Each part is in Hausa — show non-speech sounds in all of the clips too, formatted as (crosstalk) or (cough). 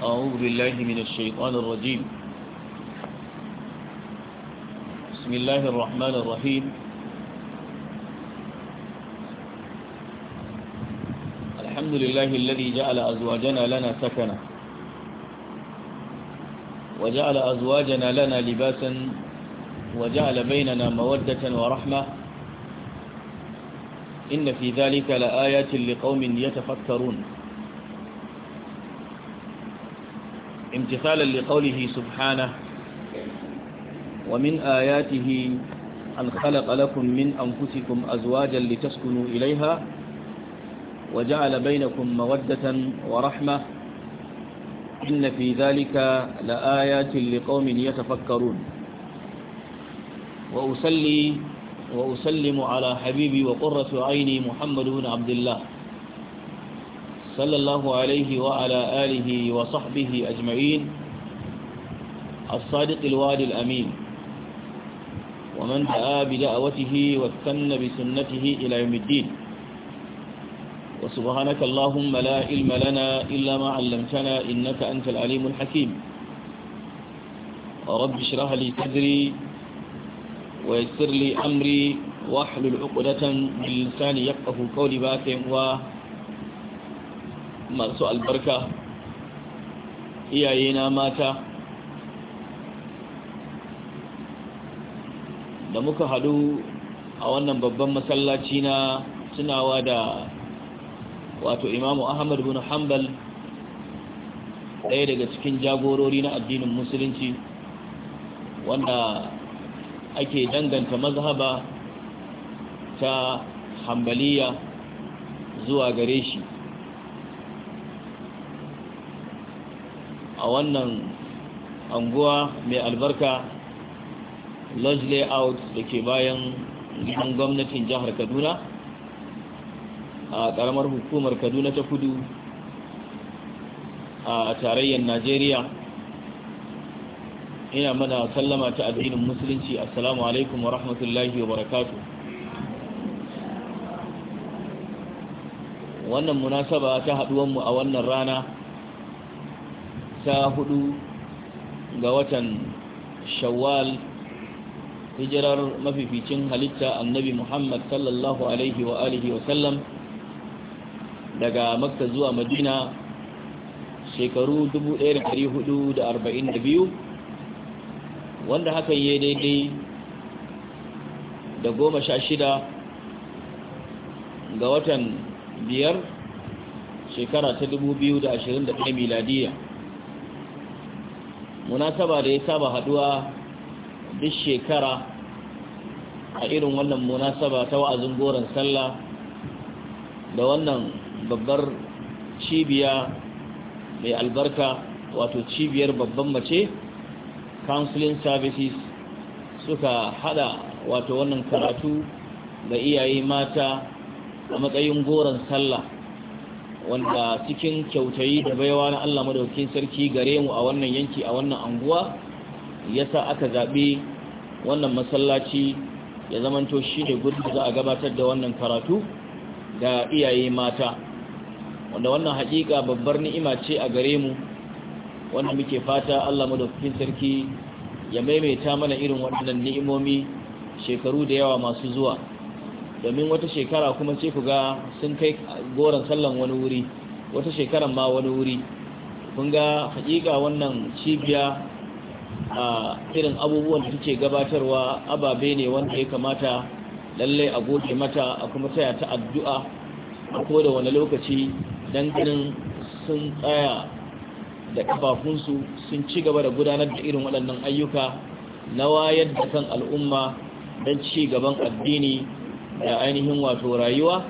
أعوذ بالله من الشيطان الرجيم بسم الله الرحمن الرحيم الحمد لله الذي جعل أزواجنا لنا سكنا وجعل أزواجنا لنا لباسا وجعل بيننا مودة ورحمة إن في ذلك لآيات لقوم يتفكرون امتثالا لقوله سبحانه ومن آياته أن خلق لكم من أنفسكم أزواجا لتسكنوا إليها وجعل بينكم مودة ورحمة إن في ذلك لآيات لقوم يتفكرون وأسلي وأسلم على حبيبي وقرة عيني محمد بن عبد الله صلى الله عليه وعلى آله وصحبه أجمعين الصادق الوالي الأمين ومن دعا بدعوته واستنى بسنته إلى يوم الدين وسبحانك اللهم لا علم لنا إلا ما علمتنا إنك أنت العليم الحكيم رب اشرح لي صدري ويسر لي أمري واحلل عقدة من لساني يفقه قولي باكم وحلل masu albarka iyayena mata da muka hadu a wannan babban masallaci na tunawa da wato imamu ahmad bin hanbal ɗaya daga cikin jagorori na addinin musulunci wanda ake danganta mazhaba ta hambaliya zuwa gare shi a wannan anguwa mai albarka lodge layout da ke bayan gidan gwamnatin jihar kaduna a karamar hukumar kaduna ta kudu a tarayyar najeriya ina mana sallama ta addinin musulunci assalamu alaikum wa rahmatullahi wa barakatu wannan munasaba ta haduwanmu a wannan rana ta hudu ga watan shawwal hijirar mafificin halitta annabi muhammad sallallahu alaihi wa alihi wa sallam daga makka zuwa madina shekaru 1442 wanda haka ya daidai da goma sha shida ga watan biyar shekara ta 2021 miladiya munasaba da ya saba haduwa duk shekara a irin wannan munasaba ta wa'azin goron sallah da wannan babbar cibiya mai albarka wato cibiyar babban mace counseling services suka hada wato wannan karatu ga iyaye mata a matsayin goron sallah wanda cikin kyautayi da baiwa na Allah madaukakin sarki gare mu a wannan yanki a wannan anguwa yasa aka zabe wannan masallaci ya zamanto shi ne gudu za a gabatar da wannan karatu ga iyaye mata wanda wannan hakika babbar ni'ima ce a gare mu wanda muke fata Allah madaukakin sarki ya maimaita mana irin waɗannan ni'imomi shekaru da yawa masu zuwa domin wata shekara kuma sai ku ga sun kai goron sallan wani wuri wata shekaran ma wani wuri kun ga hakika wannan cibiya a irin abubuwan da take gabatarwa ababe ne wanda ya kamata lallai a goge mata a kuma taya ta addu'a a ko da wani lokaci dan ganin sun tsaya da kafafunsu sun ci gaba da gudanar da irin waɗannan ayyuka na wayar da kan al'umma don ci gaban addini ya ainihin wato rayuwa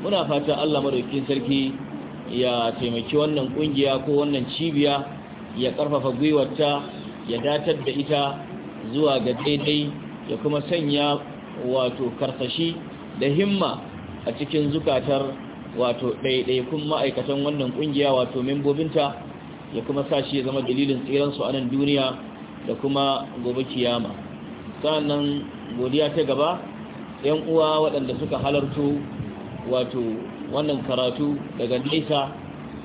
muna fatan Allah madaukakin sarki ya taimaki wannan kungiya ko wannan cibiya ya karfafa gwiwarta ya datar da ita zuwa ga daidai ya kuma sanya wato karsashi da himma a cikin zukatar wato kun ma'aikatan wannan kungiya wato membobinta ya kuma sa shi ya zama dalilin tseren a nan duniya da kuma gobe kiyama sannan godiya ta gaba yan uwa waɗanda suka halarto wato wannan karatu daga nesa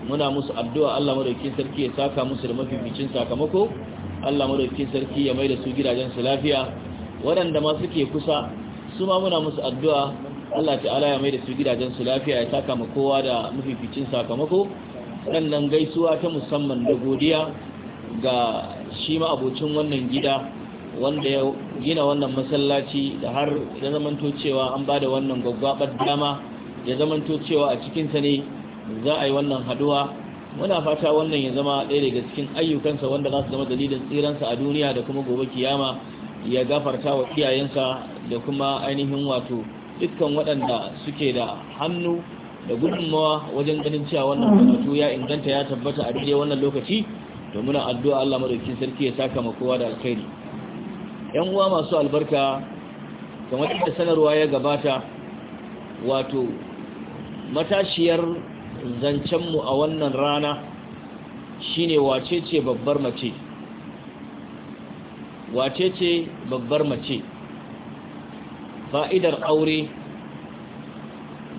muna musu addu'a Allah Madaukin sarki ya saka musu da mafificin sakamako Allah Madaukin sarki ya mai da su gidajen su lafiya waɗanda ma suke kusa su ma muna musu addu'a Allah ta'ala ya mai da su gidajen su lafiya ya saka ma kowa da mafificin sakamako sannan gaisuwa ta musamman da godiya ga shi ma abocin wannan gida wanda ya gina wannan masallaci da har ya zamanto cewa an ba da wannan gwaggwabar dama ya zamanto cewa a cikinsa ne za a yi wannan haduwa muna fata wannan ya zama ɗaya daga cikin ayyukansa wanda za su zama dalilin tsiransa a duniya da kuma gobe kiyama ya gafarta wa iyayensa da kuma ainihin wato dukkan waɗanda suke da hannu da gudunmawa wajen ganin cewa wannan karatu ya inganta ya tabbata a daidai wannan lokaci to muna addu'a Allah madaukakin sarki ya saka ma kowa da alkhairi yan uwa masu albarka kamar inda sanarwa ya gabata wato matashiyar zancenmu a wannan rana shine wace ce babbar mace wace ce babbar mace fa'idar aure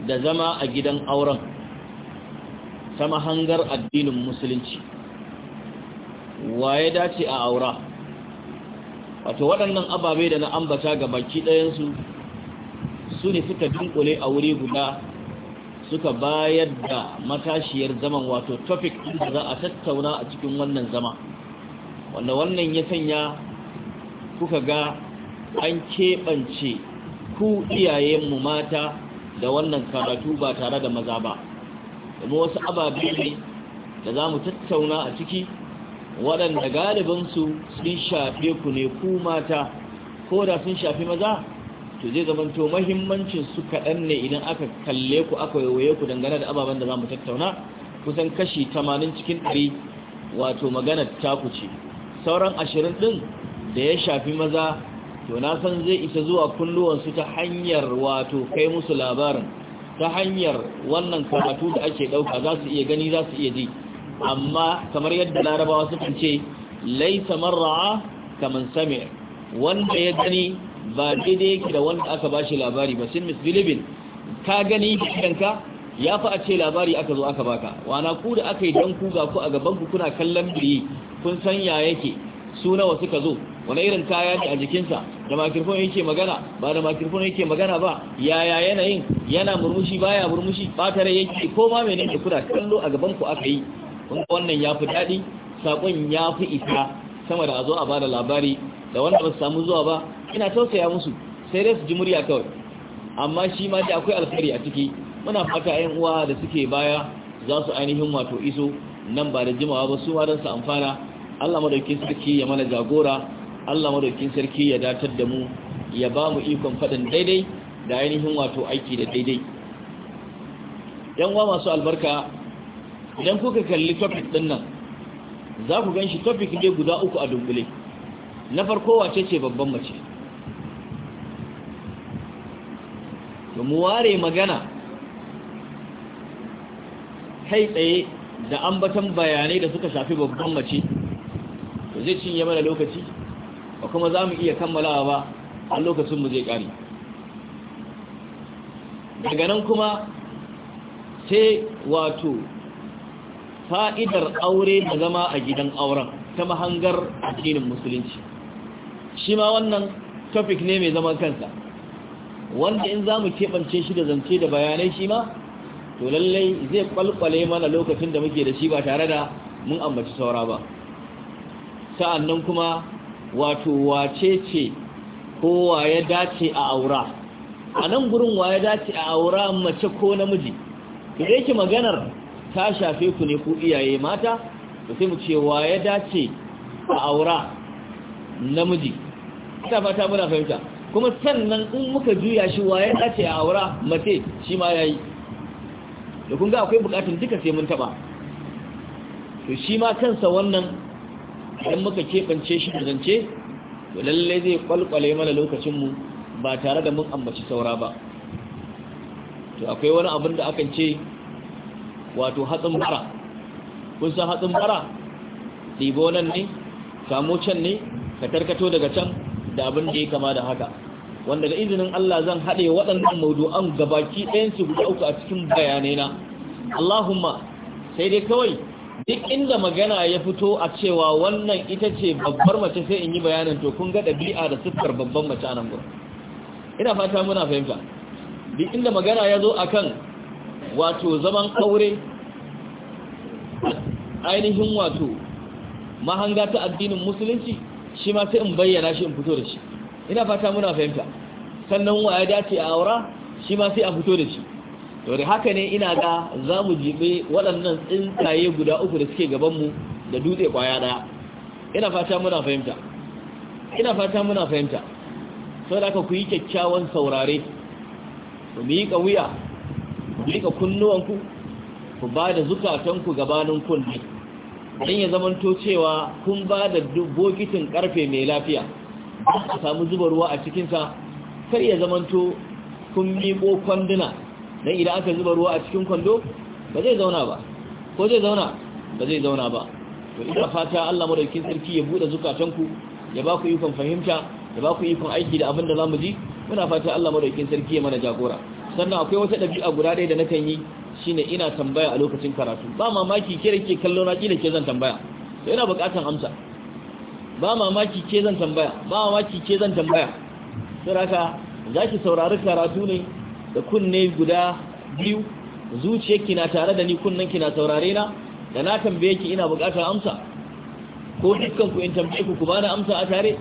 da zama a gidan auren ta mahangar addinin musulunci Wa ya dace a aura wato waɗannan ababe da na ambata ga baki ɗayansu su ne suka dunkule a wuri guda suka bayar da matashiyar zaman wato topic ɗin da za a tattauna a cikin wannan zama wanda wannan ya sanya kuka ga an keɓance ku iyayenmu mata da wannan karatu ba tare da maza ba domin wasu ababe ne da za mu tattauna a ciki waɗanda galibinsu sun shafe ku ne ku mata ko da sun shafi maza to zai zamanto mahimmancin su kaɗan ne idan aka kalle ku aka yawaye ku dangane da ababen da za mu tattauna kusan kashi 80 cikin 100 wato magana ta ku ce sauran ashirin ɗin da ya shafi maza to na san zai isa zuwa kulluwansu ta hanyar wato kai musu labarin ta hanyar wannan karatu da ake ɗauka za su iya gani za su iya ji amma kamar yadda larabawa suka ce laisa marra'a kaman sami wanda ya gani ba daidai yake da wanda aka bashi labari ba sin misbilibin ka gani kanka ya fi a ce labari aka zo aka baka wana ku da aka yi don ku ga ku a gaban ku kuna kallon biri kun san ya yake su nawa suka zo wani irin kaya ne a jikinsa da makirfon yake magana ba da makirfon yake magana ba yaya yanayin yana murmushi baya murmushi ba tare yake ko ma da kuna kallo a gaban ku aka yi kun wannan ya fi daɗi saƙon ya fi isa sama da a zo a ba da labari da wanda ba su samu zuwa ba ina tausaya musu sai dai su ji murya kawai amma shi ma da akwai alfahari a ciki muna fata 'yan uwa da suke baya za su ainihin wato iso nan ba da jimawa ba su ma su amfana Allah madaukin sarki ya mana jagora Allah madaukin sarki ya datar da mu ya ba mu ikon faɗin daidai da ainihin wato aiki da daidai yan uwa masu albarka idan kuka kalli topic din nan za ku gan shi topic ne guda uku a dunkule na farko wace ce babban mace to mu ware magana kai tsaye da ambatan bayanai da suka shafi babban mace to zai cinye mana lokaci ba kuma za mu iya kammalawa ba a lokacinmu zai ƙari daga nan kuma sai wato fa'idar aure da zama a gidan auren ta mahangar addinin musulunci shi ma wannan topic ne mai zaman kansa wanda in za mu keɓance shi da zance da bayanai shi ma to lallai zai kwalkwale mana lokacin da muke da shi ba tare da mun ambaci saura ba sa'an nan kuma wato wace ce ko ya dace a aura a nan gurin ya dace a aura mace ko namiji da yake maganar ta shafe ku ne ku iyaye mata to sai mu cewa ya dace a aura namiji ta fata muna fahimta kuma sannan in muka juya shi wa ya dace a aura mace shi ma yayi da kun ga akwai bukatun duka sai mun taba to shi ma kansa wannan idan muka keɓance shi da zance to lalle zai kwalkwale mana lokacin mu ba tare da mun ambaci saura ba to akwai wani abin da akan ce wato hatsin bara kun san hatsin bara ɗibo nan ne samu can ne ka tarkato daga can da abin da ya kama da haka wanda ga izinin Allah zan haɗe waɗannan maudu'an gabaki su guda uku a cikin bayanai na Allahumma sai dai kawai duk inda magana ya fito a cewa wannan ita ce babbar mace sai in yi bayanin to kun ga ɗabi'a da siffar babban mace a nan gurin ina fata muna fahimta duk inda magana ya zo akan wato zaman aure ainihin wato mahanga ta addinin musulunci shi ma sai in bayyana shi in fito da shi ina fata muna fahimta sannan wa ya dace a aura shi ma sai a fito da shi to da haka ne ina ga za mu jibe waɗannan tsintaye guda uku da suke gabanmu da dutse ƙwaya ɗaya ina fata muna fahimta ina fata muna fahimta sau da aka ku yi kyakkyawan saurare mu yi wuya rika kunnuwanku ku ba da zukatanku gabanin kunne don ya zamanto cewa kun ba da bokitin karfe mai lafiya a samu zuba ruwa a cikinsa kar ya zamanto kun miƙo kwanduna don idan aka zuba ruwa a cikin kwando ba zai zauna ba ko zai zauna ba zai zauna ba to ina fata Allah madaukin sarki ya buɗe zukatanku ya ba ku ikon fahimta ya ba ku ikon aiki da abin da zamu ji muna fata Allah madaukin sarki ya mana jagora sannan akwai wata ɗabi'a guda ɗaya da nakan yi shine ina tambaya a lokacin karatu ba mamaki ke da ke kallo na ƙila ke zan tambaya to ina buƙatar amsa ba mamaki ke zan tambaya ba mamaki ke zan tambaya saboda za ki saurari karatu ne da kunne guda biyu zuciyarki na tare da ni kunnen ki na saurare na da na tambaye ki ina buƙatar amsa ko dukkan ku in tambaye ku ku bani amsa a tare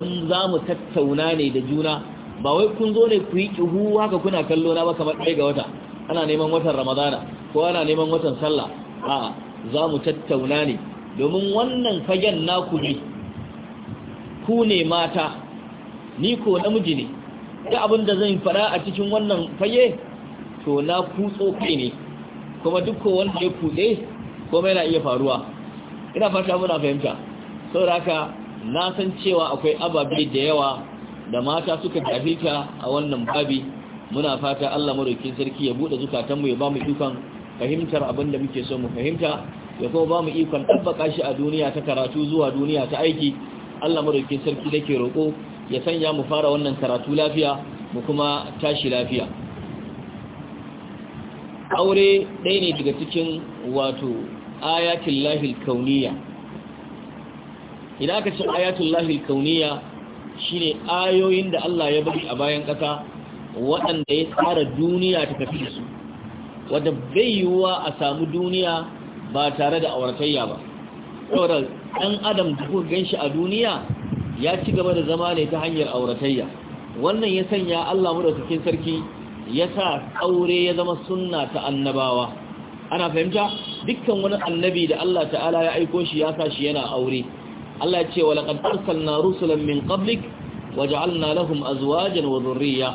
za mu tattauna ne da juna ba wai kun zo ne ku yi kihu haka kuna kallo na ba kamar ɗaya ga wata ana neman watan ramadana ko ana neman watan sallah a za mu tattauna ne domin wannan fagen naku ne ku ne mata ni ko namiji ne da abin da zan fara a cikin wannan fage to na kutso tsofi ne kuma duk ko wanda ya kutse kuma yana iya faruwa ina fata muna fahimta saboda haka na san cewa akwai ababe da yawa da mata suka jahilta a wannan babi muna fata Allah madaukakin sarki ya bude zukatanmu ya ba mu dukan fahimtar abin da muke so mu fahimta ya kuma ba mu ikon tabbaka shi a duniya ta karatu zuwa duniya ta aiki Allah madaukakin sarki dake roko ya sanya mu fara wannan karatu lafiya mu kuma tashi lafiya aure ɗaya ne daga cikin wato ayatul lahil kauniya idan aka ce ayatul lahil kauniya Shi ne ayoyin da Allah ya bari a bayan ƙasa waɗanda ya tsara duniya ta tafi su wadda bai yiwuwa a samu duniya ba tare da auratayya ba saboda ɗan adam da kuka ganshi a duniya ya ci gaba da zama ne ta hanyar auratayya wannan ya sanya Allah cikin sarki ya sa aure ya zama sunna ta annabawa ana fahimta dukkan wani annabi da Allah ta'ala ya aiko shi ya sa shi yana aure Allah ya ce wa laqad arsalna rusulan min qablik waj'alna lahum azwajan wa dhurriyya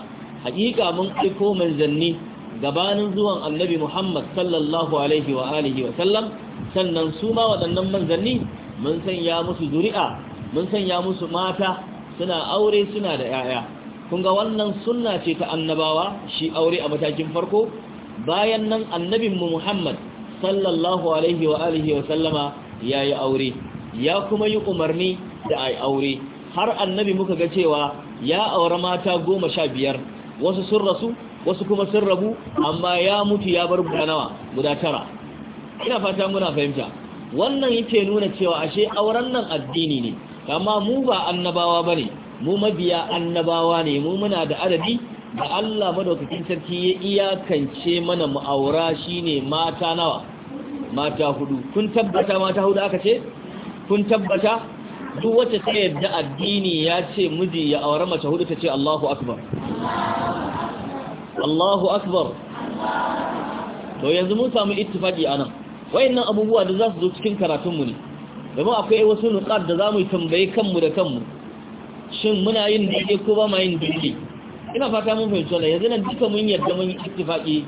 haqiqa mun aiko manzanni gabanin zuwan annabi Muhammad sallallahu alaihi wa alihi wa sallam sannan su ma waɗannan manzanni mun sanya musu zuri'a mun sanya musu mata suna aure suna da yaya kun ga wannan sunna ce ta annabawa shi aure a matakin farko bayan nan annabinmu Muhammad sallallahu alaihi wa alihi wa sallama yayi aure ya kuma yi umarni da ai aure har annabi muka ga cewa ya aure mata goma sha biyar wasu sun rasu wasu kuma sun rabu amma ya mutu ya bar guda nawa guda tara ina fata muna fahimta wannan yake nuna cewa ashe auren nan addini ne amma mu ba annabawa ba ne, mu mabiya annabawa ne mu muna da adadi da Allah madaukakin sarki ya iyakance mana mu mu'aura shine mata nawa mata hudu kun tabbata mata hudu aka ce kun tabbata duk wacce ta yadda addini ya ce miji ya aure mace hudu ta ce Allahu akbar Allahu akbar to yanzu mun samu ittifaki anan wayannan abubuwa da za su zo cikin karatun mu ne domin akwai wasu nuka da zamu tambaye kanmu da kanmu shin muna yin daidai ko ba ma yin daidai ina fata mun fahimci wannan yanzu nan duka mun yarda mun yi ittifaki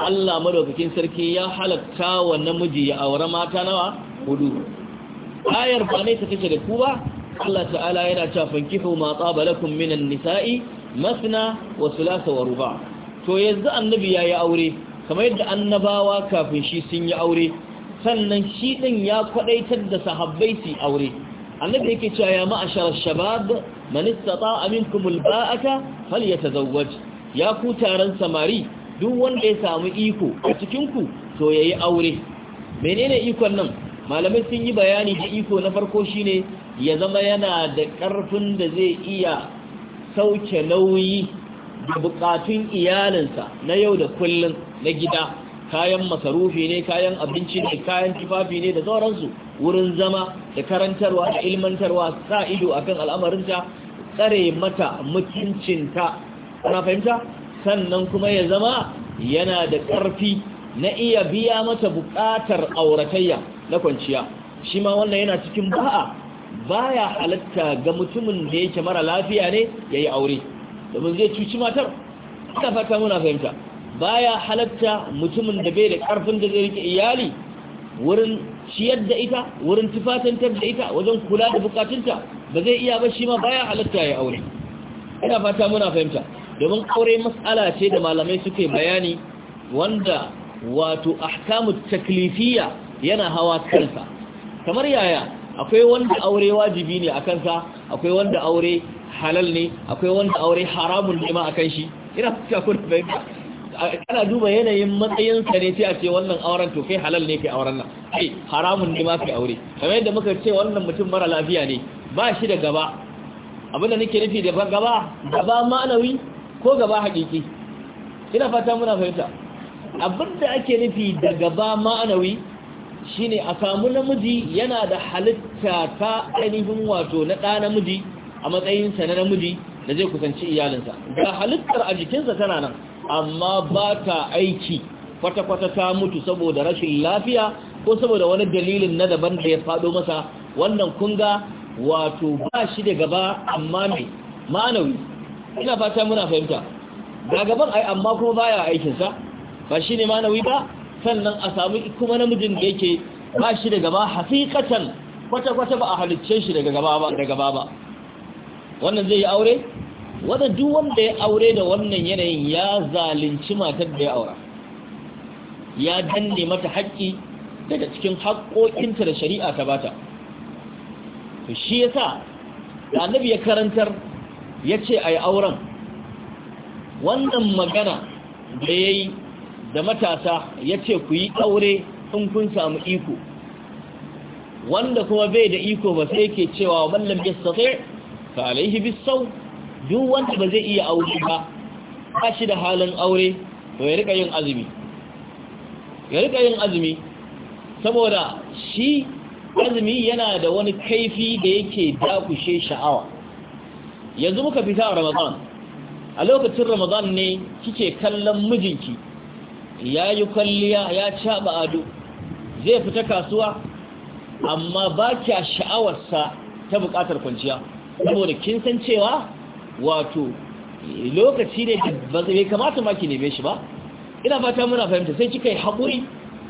Allah madaukakin sarki ya halatta wa namiji ya aure mata nawa hudu ayar ba ne ta take da ku ba Allah ta'ala yana cewa fankihu ma tsaba lakum minan nisa'i masna wa thulatha wa ruba to yanzu annabi yayi aure kamar yadda annabawa kafin shi sun yi aure sannan shi din ya kwadaitar da sahabbai su aure annabi yake cewa ya ma'ashar shabab man istata'a minkum alba'aka falyatazawwaj ya ku taron samari duk wanda ya samu iko a cikin ku to yayi aure menene ikon nan malamai sun yi bayani da iko na farko shine ya zama yana da ƙarfin da zai iya sauke nauyi da bukatun iyalinsa na yau da kullum na gida kayan masarufi ne kayan abinci ne kayan tufafi ne da sauransu wurin zama da karantarwa da ilmantarwa sa ido akan al'amarinta tsare mata mutuncinta ana fahimta sannan kuma ya zama yana da ƙarfi na iya biya mata buƙatar auratayya na kwanciya shi ma wannan yana cikin ba'a baya halatta ga mutumin da yake mara lafiya ne yayi aure domin zai cuci matar ina fata muna fahimta baya halatta mutumin da bai da karfin da zai rike iyali wurin ciyar da ita wurin tufatantar da ita wajen kula da bukatunta ba zai iya ba shi ma baya halatta ya aure ina fata muna fahimta domin aure mas'ala ce da malamai suke bayani wanda wato ahkamu taklifiya yana hawa kansa kamar yaya akwai wanda aure wajibi ne a kansa akwai wanda aure halal ne akwai wanda aure haramun ne ma a kan shi ina cikin kun fahimta kana duba yanayin matsayinsa ne sai a ce wannan auren to kai halal ne kai auren nan kai haramun ne ma kai aure kamar yadda muka ce wannan mutum mara lafiya ne ba shi da gaba abin da nake nufi da gaba gaba ma'anawi ko gaba haƙiƙi ina fata muna fahimta abinda ake nufi da gaba ma'anawi shine a samu namiji yana da halitta ta ainihin wato na ɗa namiji a matsayinsa na namiji da zai kusanci iyalinsa ga halittar a jikinsa tana nan amma ba ta aiki kwata-kwata ta mutu saboda rashin lafiya ko saboda wani dalilin na daban da ya faɗo masa wannan kunga wato ba shi da gaba amma mai ma'anawi ina fata muna fahimta ga gaban ai amma kuma baya aikinsa ba shi ne manawi ba sannan a samu kuma namijin da yake ba shi da gaba hafiƙatan kwata-kwata ba a halicce shi daga gaba ba wannan zai yi aure wadda duk wanda ya aure da wannan yanayin ya zalunci matar da ya aura ya danne mata haƙƙi daga cikin haƙƙoƙinta da shari'a ta bata to shi yasa da annabi ya karantar ya ce a yi auren wannan magana da ya yi da matasa ya ce ku yi aure in kun samu iko wanda kuma bai da iko ba sai ke cewa wallan ya sai ka alaihi bisau duk wanda ba zai iya aure ba ba shi da halin aure to ya rika yin azumi ya rika yin azumi saboda shi azumi yana da wani kaifi da yake dakushe sha'awa yanzu muka fita a ramadan a lokacin ramadan ne kike kallon mijinki ya yi kwalliya ya caɓa ado zai fita kasuwa amma ba kya sha'awarsa ta buƙatar kwanciya saboda kin san cewa wato lokaci ne ba zai kamata ma ki neme shi ba ina fata muna fahimta sai kika yi haƙuri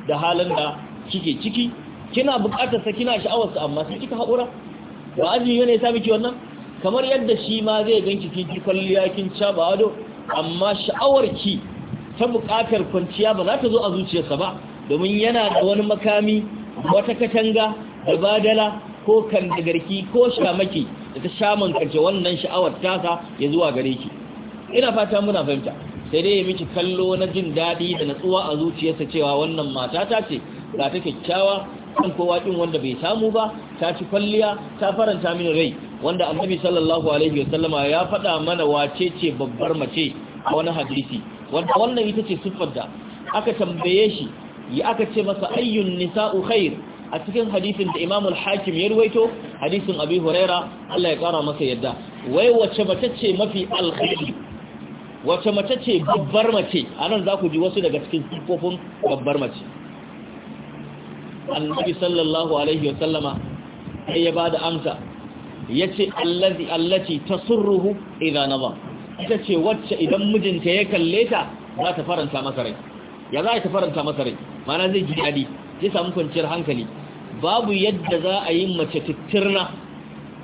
da halin da kike ciki kina buƙatar sa kina sha'awarsa amma sai kika haƙura ba azumi ne ya sami ki wannan kamar yadda shi ma zai ganki kin ki kwalliya kin caba ado amma sha'awar ki ta buƙatar kwanciya ba za ta zo a zuciyarsa ba domin yana da wani makami wata katanga da badala ko kandagarki ko shamaki da ta shaman kace wannan sha'awar tasa ya zuwa gare ki ina fata muna fahimta sai dai miki kallo na jin daɗi da natsuwa a zuciyarsa cewa wannan mata ta ce ga ta kyakkyawa kan kowa ɗin wanda bai samu ba ta ci kwalliya ta faranta mini rai wanda annabi sallallahu alaihi wasallama ya faɗa mana wace ce babbar mace a wani hadisi wannan ita ce siffar da aka tambaye shi ya aka ce masa ayyun nisa'u khair a cikin hadisin da Imam al-Hakim ya ruwaito hadisin Abi Huraira Allah ya kara masa yadda wai wace mace ce mafi alkhairi wace mace ce babbar mace anan za ku ji wasu daga cikin siffofin babbar mace Annabi sallallahu alaihi wa sallama sai ya bada amsa yace allazi allati tasurruhu idza nazama ita ce wacce idan mijinta ya kalle ta za ta faranta masa rai ya za ta faranta masa rai mana zai ji daɗi zai samu kwanciyar hankali babu yadda za a yi mace tittirna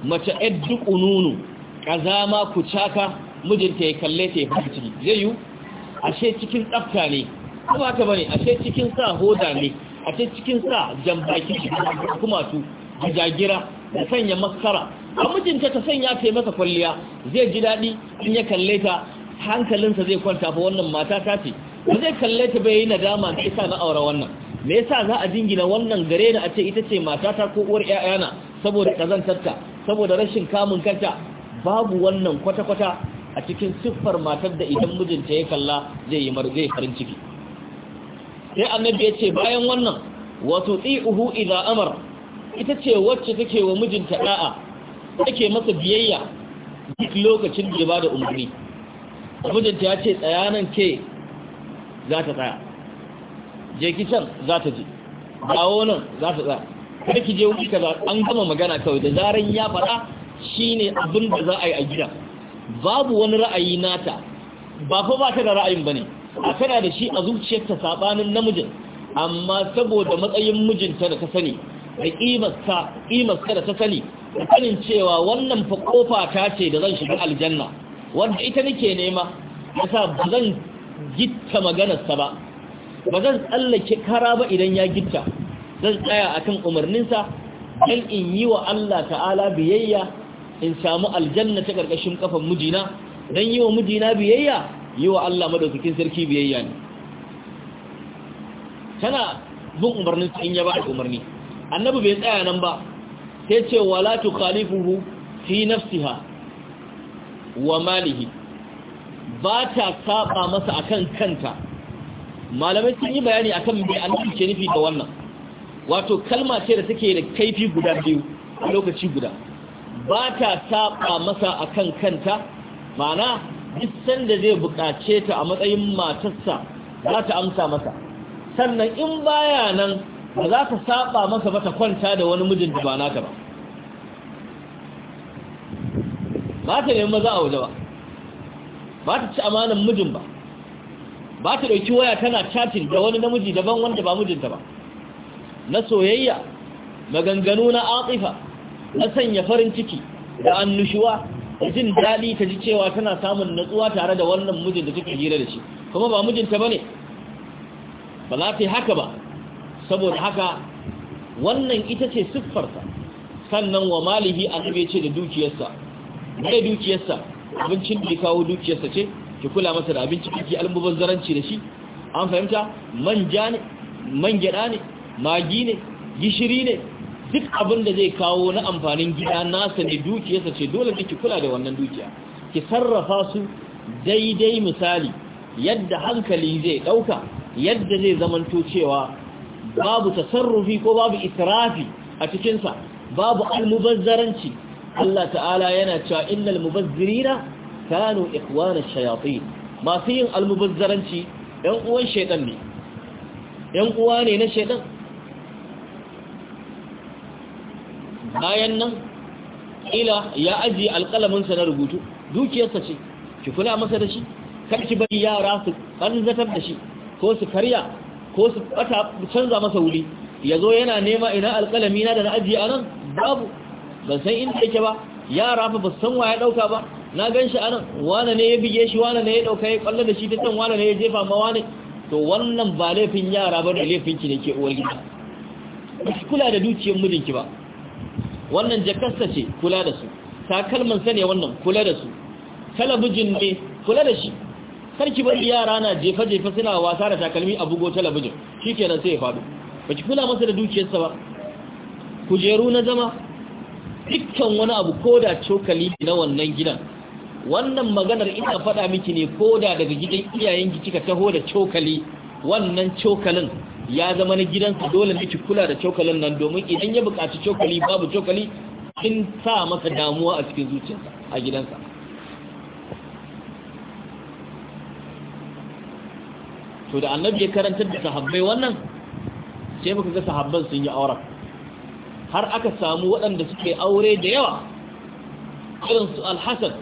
mace ununu. ƙununu ƙazama ku caka mijinta ya kalle ta ya fi ciki zai yi ashe cikin tsafta ne kuma ta bane ashe cikin sa hoda ne ashe cikin sa jambaki kuma su jagira da sanya maskara a mijinta ta sanya ta yi masa kwalliya zai ji daɗi in ya kalle ta hankalinsa zai kwanta fa wannan mata ta ce ba zai kalle ta bai yi nadama ta isa na aure wannan me yasa za a jingina wannan gare ni a ce ita ce mata ta ko uwar ƴaƴana saboda ta saboda rashin kamun kanta babu wannan kwata-kwata a cikin siffar matar da idan mijinta ya kalla zai yi marzai farin ciki sai annabi ya ce bayan wannan wato tsi'uhu idza amara ita ce wacce take wa mijinta da'a take masa biyayya duk lokacin da ba da umarni mijinta ya ce tsayanan ke za ta tsaya je kicin za ta je bawo nan za ta tsaya kada ki je wuce kaza an gama magana kawai da zaran ya faɗa shine abin da za a yi a gida babu wani ra'ayi nata ba fa ba ta da ra'ayin bane a tana da shi a zuciyarta sabanin namijin amma saboda matsayin mijinta da ta sani da ƙimarsa da ta sani da sanin cewa wannan fa kofa ta ce da zan shiga aljanna wanda ita nake nema yasa ba zan gitta maganarsa ba ba zan tsallake kara ba idan ya gitta zan tsaya akan umarninsa dan in yi wa Allah ta'ala biyayya in samu aljanna ta karkashin kafan mijina dan yi wa mijina biyayya yi wa Allah madaukakin sarki biyayya ne tana bin umarnin in ya ba umarni annabi bai tsaya nan ba sai ce wala tukhalifuhu fi nafsiha wa malihi ba ta saba masa akan kanta malamai sun yi bayani akan bai an ke nufi da wannan wato kalma ce da take da kaifi guda biyu lokaci guda ba ta saba masa akan kanta ma'ana duk sanda zai buƙace ta a matsayin matarsa za ta amsa masa sannan in baya nan ba za ka saba masa ba ta kwanta da wani mijin da ba naka ba ba ta nemi maza a waje ba ba ta ci amanan mijin ba ba ta ɗauki waya tana chatting da wani namiji daban wanda ba mijinta ba na soyayya maganganu na aƙifa na sanya farin ciki da annushuwa da jin daɗi ta ji cewa tana samun natsuwa tare da wannan mijin da take hira da shi kuma ba mijinta ba ne ba za ta yi haka ba saboda haka wannan ita ce siffarsa sannan wa malihi a ya ce da dukiyarsa mai dukiyarsa abincin da ya kawo dukiyarsa ce ki kula masa da abinci kiki zaranci da shi an fahimta manja ne man gyada ne magi ne gishiri ne duk abin da zai kawo na amfanin gida nasa ne dukiyarsa ce dole ki kula da wannan dukiya ki sarrafa su daidai misali yadda hankali zai ɗauka yadda zai zamanto cewa babu tasarrufi ko babu israfi a cikinsa babu almubazzaranci Allah ta'ala yana cewa innal mubazzirina kanu ikhwana shayatin masu yin almubazzaranci ɗan uwan shaidan ne ɗan uwa ne na shaidan bayan nan ila ya ajiye alƙalaminsa na rubutu dukiyarsa ce ki kula masa da shi kar ki bari yara su ƙanzatar da shi ko su karya ko su canza masa wuri ya zo yana nema ina alƙalami na da na ajiye a nan babu ban san inda yake ba yara fa ba san wa ya ɗauka ba na gan shi a nan wane ne ya bige shi wane ne ya ɗauka ya ƙwallo da shi ta can wane ne ya jefa ma wane to wannan ba laifin yara ba da laifin ki ne ke uwar gida ba ki kula da dukiyar mijinki ba wannan jakarsa ce kula da su takalman sa ne wannan kula da su talabijin ne kula da shi sarki bari yara na jefa-jefa suna wasa da takalmi a bugo talabijin shi kenan sai ya faɗo ba ki kula masa da dukiyarsa ba kujeru na zama dukkan wani abu ko da cokali na wannan gidan wannan maganar ina faɗa miki ne ko da daga gidan iyayen ki kika taho da cokali wannan cokalin ya zama na gidansa dole ne ki kula da cokalin nan domin idan ya buƙaci cokali babu cokali kin sa masa damuwa a cikin zuciyarsa a gidansa to da annabi ya karantar da sahabbai wannan sai muka ga sahabban sun yi auren har aka samu waɗanda suke aure da yawa irin su alhassan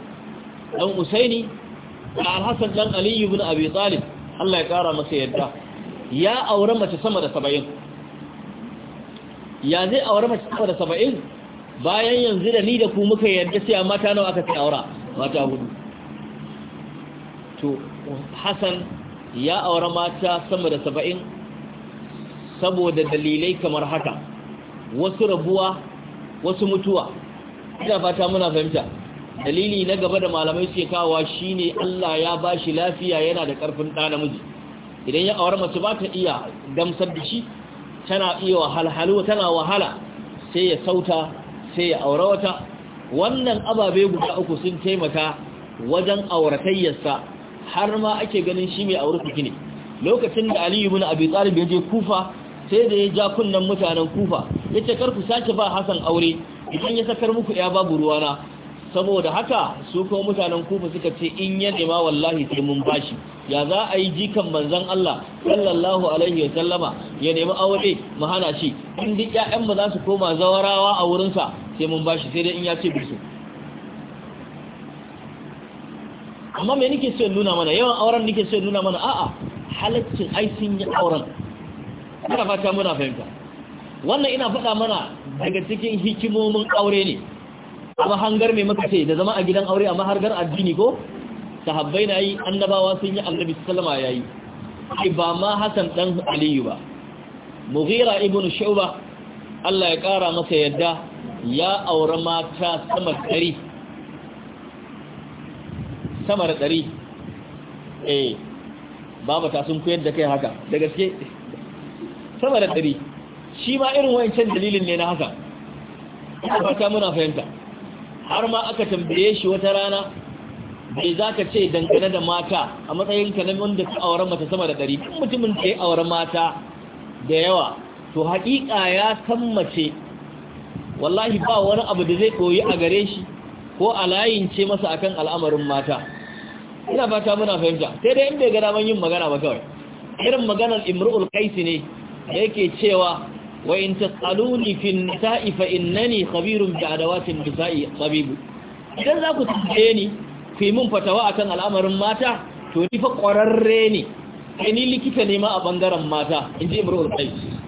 ɗan usaini da alhassan ɗan aliyu bin abi talib allah ya ƙara masa yadda ya aure mace sama da saba'in ya zai aure mace sama da saba'in bayan yanzu da ni da ku muka yarda sai mata nawa aka sai aura mata hudu to Hassan ya aure mata sama da saba'in saboda dalilai kamar haka wasu rabuwa wasu mutuwa ina fata muna fahimta dalili na gaba da malamai suke kawowa shine Allah ya ba shi lafiya yana da karfin ɗa namiji idan ya aure mace ba ta iya gamsar da shi tana iya wahalhalu tana wahala sai ya sauta sai ya aure wata wannan ababe guda uku sun taimaka wajen auratayyarsa har ma ake ganin shi mai aure fiki ne lokacin da Ali ibn Abi Talib ya je Kufa sai da ya ja kunnan mutanen Kufa yace kar ku sake ba Hassan aure idan ya sakar muku ya babu ruwa na saboda haka su kuma mutanen Kufa suka ce in ya nema wallahi sai mun bashi ya za a yi jikan manzon Allah sallallahu alaihi wa sallama ya nemi aure mu hana shi in duk ƴaƴan mu za su koma zawarawa a wurinsa sai mun bashi sai dai in ya ce bisu amma me nike so nuna mana yawan auren nike so nuna mana a'a halaccin ai sun yi auren kana fata muna fahimta wannan ina faɗa mana daga cikin hikimomin aure ne amma hangar mai makace da zama a gidan aure amma hargar addini ko sahabbai na yi annabawa sun yi annabi sallama yayi ai ba ma Hassan dan Aliyu ba Mughira ibn Shu'ba Allah ya kara masa yadda ya aure mata sama 100 sama da ɗari eh babu ta sun koyar da kai haka da gaske sama da ɗari shi ma irin wayancan dalilin ne na haka ba ta muna fahimta har ma aka tambaye shi wata rana bai za ka ce dangane da mata a matsayinka na wanda ka auren mata sama da ɗari kan mutumin da ya auren mata da yawa to haƙiƙa ya san mace wallahi ba wani abu da zai koyi a gare shi ko a ce masa akan al'amarin mata ina fata muna fahimta sai dai in bai ga daman yin magana ba kawai irin maganar imru'ul qaisi ne yake cewa wa in tasaluni fi nisa'i fa innani khabirun bi adawatin nisa'i tabibu idan za ku tambaye ni ku yi min fatawa akan al'amarin mata to ni fa ƙwararre ne kai ni likita ne ma a bangaren mata in ji imru'ul qaisi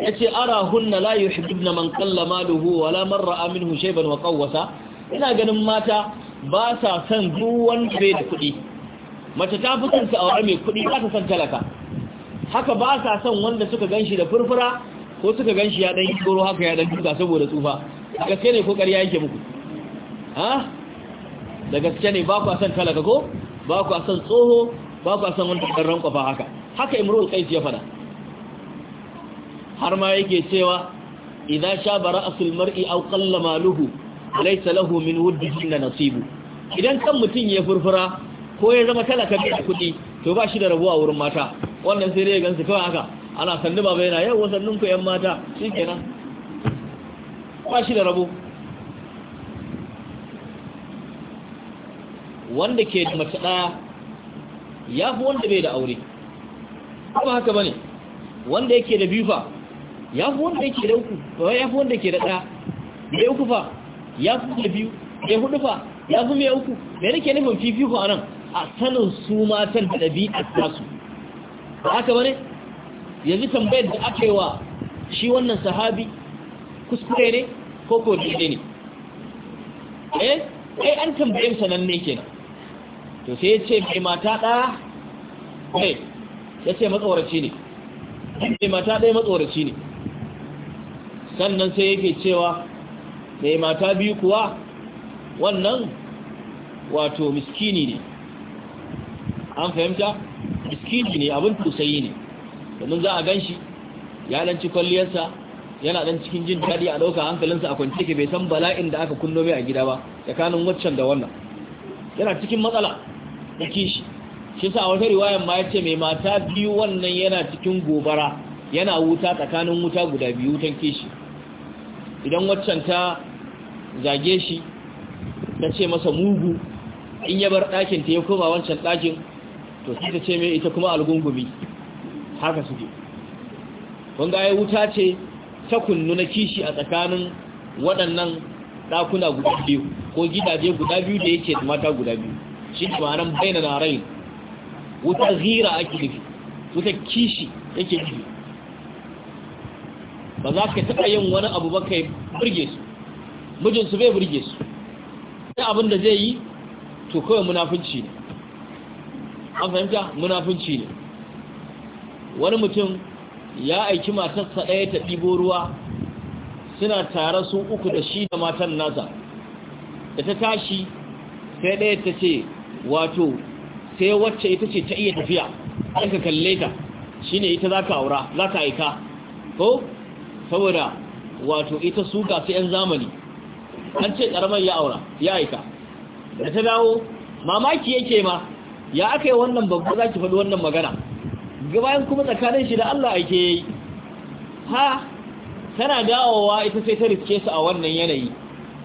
yace arahunna la na man qalla maluhu wala man ra'a minhu shayban wa qawwasa ina ganin mata ba sa san duwan bai da kudi, mace ta fi kanta a mai kudi ba ta san talaka haka ba sa san wanda suka ganshi da furfura ko suka ganshi ya dan goro haka ya dan duka saboda tsufa da gaske ne ko ƙarya yake muku ha da gaske ne ba ku san talaka ko ba ku san tsoho ba ku san wanda ɗan rankwafa haka haka imrul qais ya fada har ma yake cewa idza shaba ra'sul mar'i aw qalla maluhu laysa lahu min wuddihi nasibu idan kan mutun ya furfura ko ya zama talaka da kudi to ba shi da rabuwa wurin mata wannan sai dai gansu kawai haka ana sandu baba yana yau wasannin ku yan mata shikenan ba shi da rabo wanda ke da mace daya ya fi wanda bai da aure kuma haka bane wanda yake da bifa Yafi fi wanda ke da uku ba ya fi wanda ke da ɗaya da uku fa ya fi da biyu da hudu fa ya fi mai uku da nake nufin fifiko a nan a sanin su matan da ɗabi'a tasu ba haka bane yanzu tambayar da aka yi wa shi wannan sahabi kuskure ne ko ko daidai ne eh ai an tambaye sananne kenan to sai ya ce mai mata ɗaya ne ya ce matsoraci ne mai mata ɗaya matsoraci ne sannan sai yake cewa mai mata biyu kuwa wannan wato miskini ne an fahimta miskini ne abin tusayi ne domin za a gan shi ya ci kwalliyarsa yana dan cikin jin daɗi a ɗauka hankalinsa a kwanci ke bai san bala'in da aka kunno mai a gida ba tsakanin waccan da wannan yana cikin matsala da shi shi sa a wata riwayan ma ya ce mai mata biyu wannan yana cikin gobara yana wuta tsakanin wuta guda biyu wutan shi idan waccan ta zage shi ta ce masa mugu in ya bar ɗakin ta ya koma wancan ɗakin to sai ta ce mai ita kuma algungumi haka ke wanda ya wuta ce ta kunnu na kishi a tsakanin waɗannan ɗakuna guda biyu ko gidaje guda biyu da yake mata guda biyu shi ne ma'anar bayyana na rai wuta zira ake nufi wuta kishi yake nufi ba za ka taɓa yin wani abu ba kai burge su mijinsu bai burge su ta abin da zai yi to kawai munafunci ne an fahimta munafunci ne wani mutum ya aiki matarsa ɗaya ta ɗibo ruwa suna tare su uku da shi da matan nasa da ta tashi sai ɗaya ta ce wato sai wacce ita ce ta iya tafiya an ka kalle ta shi ne ita za ka aura za ka aika ko saboda wato ita suka su yan zamani an ce karamar ya aura ya aika da ta dawo mamaki yake ma ya aka yi wannan babba za ki faɗi wannan magana bayan kuma tsakanin shi da Allah ake yi ha tana dawowa ita sai ta riske su a wannan yanayi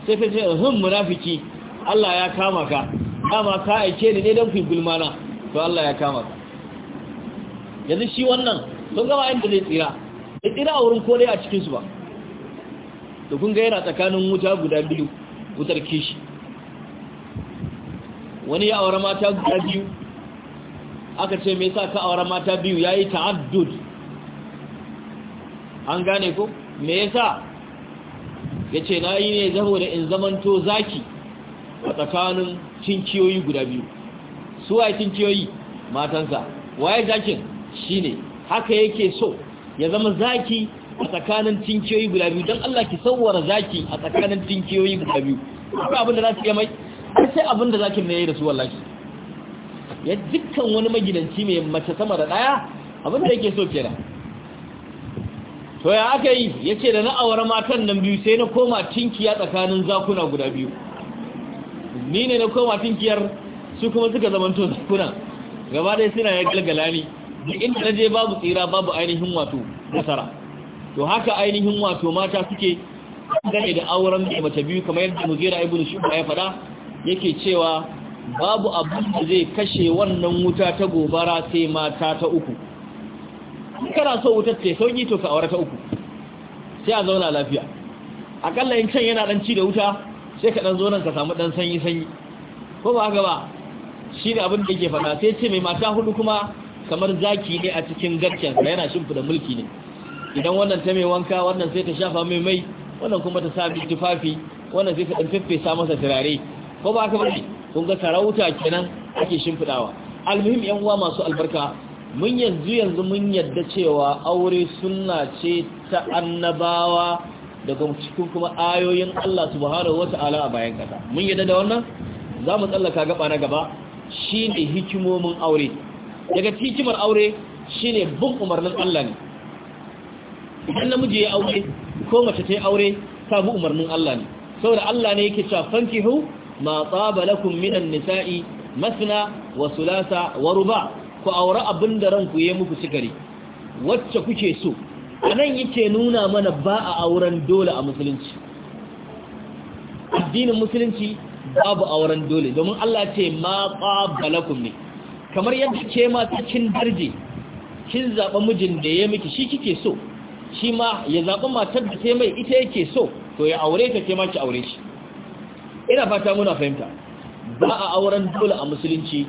sai ta ce hin munafiki Allah ya kama ka dama ka aike ni ne don fi gulmana to Allah ya kama ka yanzu shi wannan sun gaba inda zai tsira ya a wurin kodai a cikinsu ba da kun ga yana tsakanin wuta guda biyu wutar kishi wani ya aure mata guda biyu aka ce mai sa ka aure mata biyu ya yi ta'addud an gane ko me yasa ya ce na yi ne da in zamanto zaki a tsakanin cinkiyoyi guda biyu su wa cinkiyoyi matansa waye zakin shi ne haka yake so ya zama zaki a tsakanin tinkiyoyi guda biyu don Allah ki sauwara zaki a tsakanin tinkiyoyi guda biyu akwai abin da za su iya mai har sai abin da zakin na yi da su wallahi ya dukkan wani magidanci mai mace sama da ɗaya abin da yake so kenan to ya aka yi ya ce da na aure matan nan biyu sai na koma tinkiya tsakanin zakuna guda biyu ni ne na koma tinkiyar su kuma suka zamanto zakuna gaba ɗaya suna ya galgala ni da inda na je babu tsira babu ainihin wato nasara to haka ainihin wato mata suke gane da auren da mace biyu kamar yadda mugera ibnu shuba ya faɗa yake cewa babu abin da zai kashe wannan wuta ta gobara sai mata ta uku kana so wutar ta sauki to ka aure ta uku sai a zauna lafiya akalla in can yana dan ci da wuta sai ka dan zo nan ka samu dan sanyi sanyi ko ba haka ba shi ne abin da yake faɗa sai ce mai mata hudu kuma kamar zaki ne a cikin gaccan yana shimfida mulki ne idan wannan ta mai wanka wannan sai ta shafa mai mai wannan kuma ta sa mai tufafi wannan sai ta dan fefesa masa turare ko ba ka bari kun ga sarauta kenan ake shimfidawa almuhim yan uwa masu albarka mun yanzu yanzu mun yadda cewa aure sunna ce ta annabawa daga cikin kuma ayoyin Allah subhanahu wata'ala a bayan kasa mun yadda da wannan za mu tsallaka gaba na gaba shine hikimomin aure daga cikimar aure shine bin umarnin Allah ne idan namiji ya aure ko mace ta yi aure ta bi umarnin Allah ne saboda Allah ne yake cewa fankihu ma tsaba lakum an nisa'i masna wa sulasa wa ruba ku aure abin da ranku ya muku sigari wacce kuke so anan yake nuna mana ba a auren dole a musulunci addinin musulunci babu auren dole domin Allah ce ma qabalakum kamar yadda ke ma kin darje kin zaɓa mijin da ya miki shi kike so shi ma ya zaɓi matar da ta mai ita yake so to ya aure ta ke ma ki aure shi ina fata muna fahimta ba a auren dole a musulunci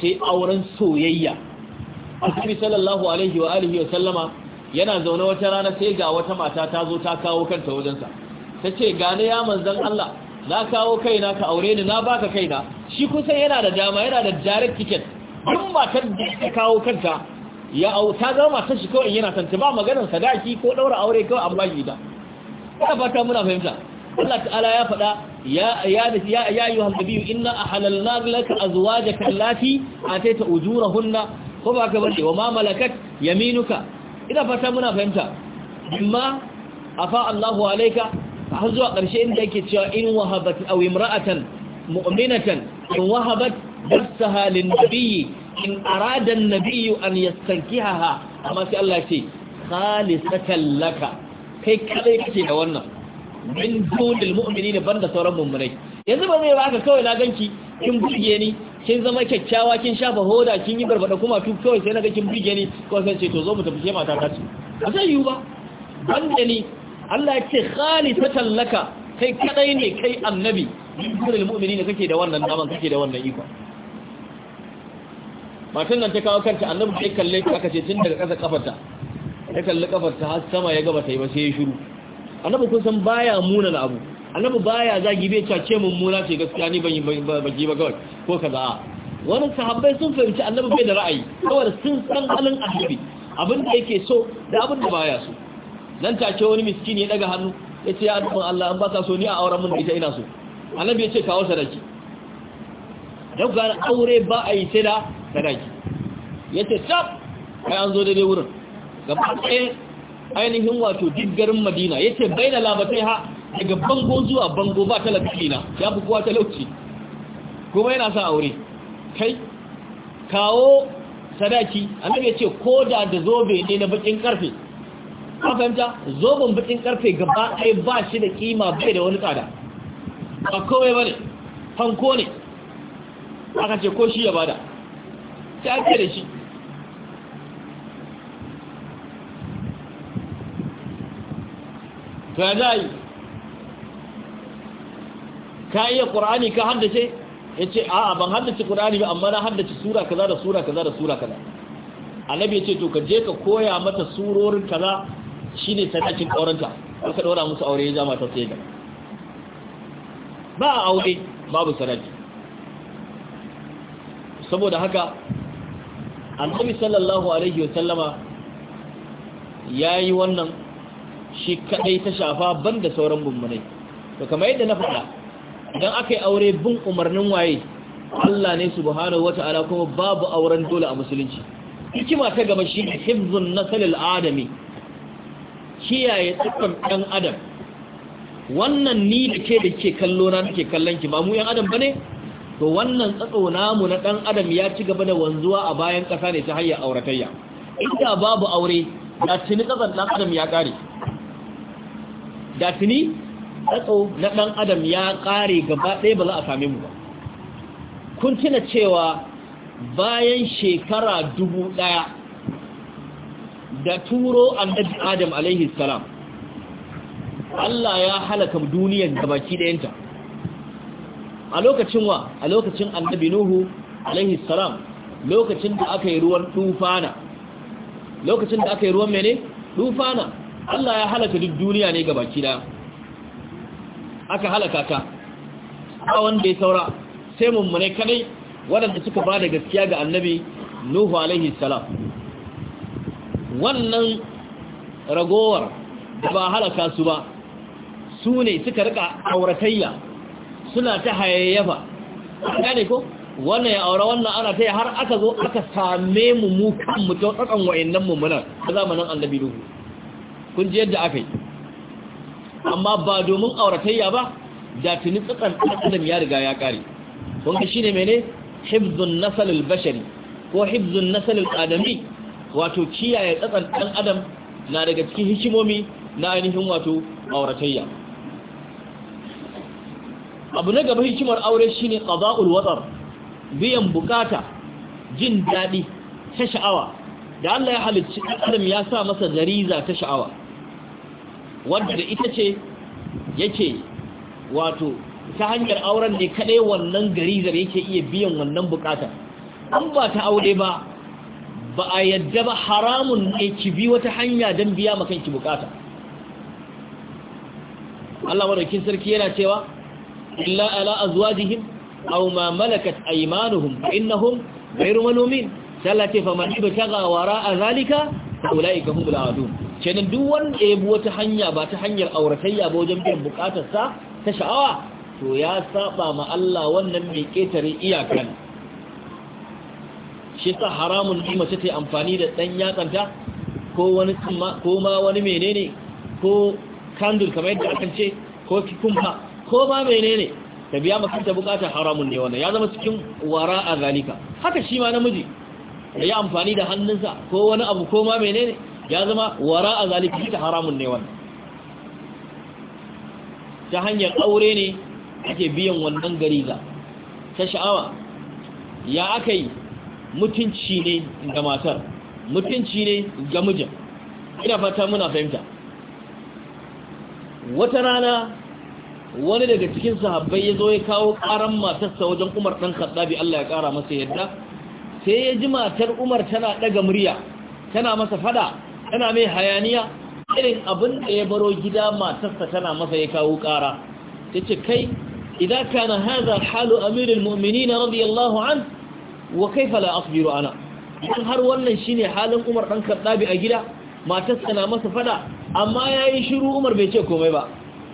sai auren soyayya annabi sallallahu alaihi wa alihi wa sallama yana zaune wata rana sai ga wata mata ta zo ta kawo kanta wajensa ta ce gane ya manzon Allah na kawo kaina ka aure ni na baka kaina shi kusan yana da dama yana da direct ticket duk matar da kawo kanta ya auta ga matar shi kawai yana santa ba maganar sadaki ko daura aure kawai an bashi da ina fata muna fahimta Allah ta'ala ya faɗa ya ya ya ya ayyuha nabiyyu inna ahalalna laka azwajaka allati atayta ujurahunna ko ba ka bace wa ma malakat yaminuka ina fata muna fahimta amma afa Allahu alayka har zuwa ƙarshe inda yake cewa in wahabat aw imra'atan mu'minatan in wahabat darsaha lin nabiyyi in arada nabiyyu an yastankihaha amma sai Allah ce khalisatan laka kai kadai kake da wannan min dunil mu'minina banda sauran mummunai yanzu ba zai baka kawai na ganki kin burge ni kin zama kyakkyawa kin shafa hoda kin yi barbada kuma tu kawai sai ga kin buge ni ko sai ce to zo mu tafi sai mata ta ce a sai yiwu ba banda ni Allah ya ce khalisatan laka kai kadai ne kai annabi dunil mu'minina kake da wannan daman kake da wannan iko matan nan ta kawo kanta annabi sai kalle ta aka ce tun daga ƙasa kafarta ta kalli kafarta har sama ya gaba ta yi ba sai ya shiru annabi kun san baya munana abu annabi baya zagi bai cace mummuna ce gaskiya ni ban yi ba kawai ko kaza wani sahabbai sun fahimci annabi bai da ra'ayi kawai sun san halin annabi abin da yake so da abin da baya so nan ce wani miskin ya daga hannu ya ce ya addu'an Allah an ba ka so ni a auren mun da ita ina so annabi ya ce kawo sadaki dan ga aure ba a yi sai da sadaki ya ce tsab kai an zo daidai wurin gaba ɗaya ainihin wato duk garin madina ya ce bai na labatai ha daga bango zuwa bango ba talabci na ya fi kowa talabci kuma yana sa aure kai kawo sadaki annabi ya ce ko da da zobe ne na bakin karfe kafanta zoben bakin karfe gaba ɗaya ba shi da kima bai da wani tsada ba kowai ba ne fanko ne aka ce ko shi ya bada ta da shi to ya za yi ka iya ƙur'ani ka haddace ya ce a'a ban haddace ƙur'ani ba amma na haddace sura kaza da sura kaza da sura kaza Alabi ya ce to ka je ka koya mata surorin kaza shine sadakin aurenta har ka ɗora musu aure ya zama ta sai da ba aure babu sadaki saboda haka annabi sallallahu alaihi wasallama yayi wannan shi kadai ta shafa banda sauran bummunai to kamar yadda na faɗa idan aka yi aure bin umarnin waye Allah ne subhanahu wata'ala kuma babu auren dole a musulunci hikima ta gaba shi ne hifzun nasalil adami kiyaye tsakon ɗan adam wannan ni da ke da ke kallo na nake kallon ki ba mu yan adam bane to wannan tsatso namu na ɗan adam ya ci gaba da wanzuwa a bayan ƙasa ne ta hanyar auratayya inda babu aure da tuni tsatson dan adam ya kare da tuni tsatso na ɗan adam ya kare gaba ɗaya ba za a same mu ba kun tuna cewa bayan shekara dubu ɗaya da turo annabi adam alaihi salam Allah ya halaka duniyar gabaki ɗayanta a lokacin wa a lokacin annabi nuhu alaihi salam lokacin da aka yi ruwan tufana lokacin da aka yi ruwan mene tufana Allah ya halaka duk duniya ne ga baki da aka halaka ta a wanda ya saura sai mummune kadai waɗanda suka ba da gaskiya ga annabi nuhu alaihi salam wannan ragowar da ba halaka su ba su ne suka rika auratayya suna ta hayayyafa gane ko wannan ya aure wannan ana ta har aka zo aka same mu mu kan mu ta tsakan wayannan mumuna a zamanin annabi ruhu kun ji yadda aka yi amma ba domin auratayya ba da tuni tsakan adam ya riga ya kare kun ga shine mene hibzun nasal al-bashari ko hibzun nasal al-adami wato kiyaye tsakan dan adam na daga cikin hikimomi na ainihin wato auratayya abu na gaba hikimar aure shine qada'ul watar biyan bukata jin daɗi ta sha'awa da Allah ya halicci adam ya sa masa gariza ta sha'awa wanda ita ce yake wato ta hanyar auren ne kadai wannan garizar yake iya biyan wannan bukata an ba ta aure ba ba a yadda ba haramun ne ki bi wata hanya don biya makanki bukata Allah madaukin sarki yana cewa illa ala azwajihim aw ma malakat aymanuhum fa innahum ghayru malumin sallati faman ibtaga wara'a zalika ulaika humul adun kenan duk wanda ya bi wata hanya ba ta hanyar auratayya ba wajen biyan bukatarsa ta sha'awa to ya saba ma Allah wannan mai ketare iyakan shi haramun ne mace ta amfani da ɗan yatsanta ko wani ko ma menene ko kandul kamar yadda akan ce ko kikumba ko ma menene ta biya makanta bukatar haramun ne wannan ya zama cikin wara a zalika haka shi ma namiji ya yi amfani da hannunsa ko wani abu ko ma menene ya zama wara a zalika shi ta haramun ne wannan ta hanyar aure ne ake biyan wannan gariza ta sha'awa ya aka yi mutunci ne ga matar mutunci ne ga mijin ina fata muna fahimta wata rana wani daga cikin sahabbai ya zo ya kawo ƙaran matarsa wajen umar ɗan kaddabi Allah ya ƙara masa yadda sai ya ji matar umar tana ɗaga murya tana masa fada tana mai hayaniya irin abin da ya baro gida matarsa tana masa ya kawo ƙara ta ce kai idan kana haza halu amirin mu'mini na radiyallahu an wa kai fala asbiru ana har wannan shine halin umar ɗan kaddabi a gida matarsa na masa fada amma ya yi shiru umar bai ce komai ba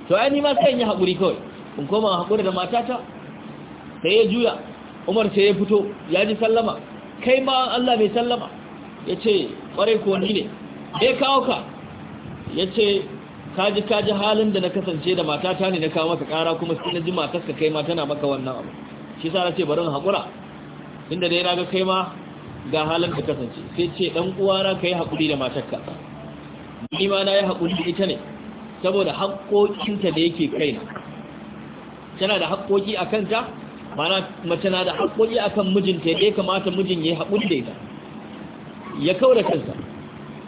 to ai ni ma sai in yi haƙuri kawai in koma haƙuri da matata sai ya juya umar sai ya fito ya ji sallama kai ma Allah bai sallama ya ce ƙwarai ko ni ne ya kawo ka ya ce kaji kaji halin da na kasance da matata ne na kawo maka ƙara kuma sai na ji matarka kai ma tana maka wannan abu shi sa na ce bari in haƙura inda dai na ga kai ma ga halin da kasance sai ce ɗan uwana ka yi haƙuri da matarka ni ma na yi haƙuri ita ne saboda haƙoƙinta da yake kaina tana da haƙoƙi a kanta mana mace na da haƙoƙi a kan mijinta da ya kamata mijin ya yi haƙun da ita ya kaura kansa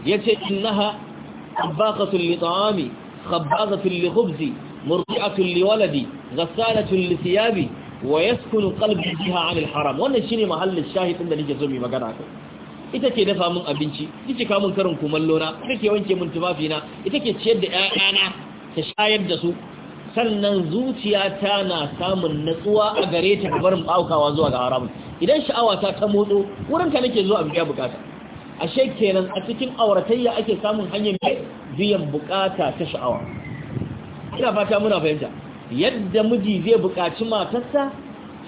ya ce innaha abbaqatul li ta'ami khabbazatul li khubzi murdi'atul tulli waladi ghassalatul tulli siyabi wa yaskunu qalbi jiha 'anil haram wannan shine mahallin shahidin da nake zo mu magana kai ita ke dafa min abinci ita ke kamun karin kumallo na ita ke wanke min na ita ke ciyar da ƴaƴana ta shayar da su sannan zuciyata na samun natsuwa a gare ta kamar baukawa zuwa ga haramun idan sha'awa ta ta motso wurinka nake zuwa biya bukata a kenan a cikin auratayya ake samun hanyar biyan bukata ta sha'awa ina fata muna fahimta yadda miji zai bukaci matarsa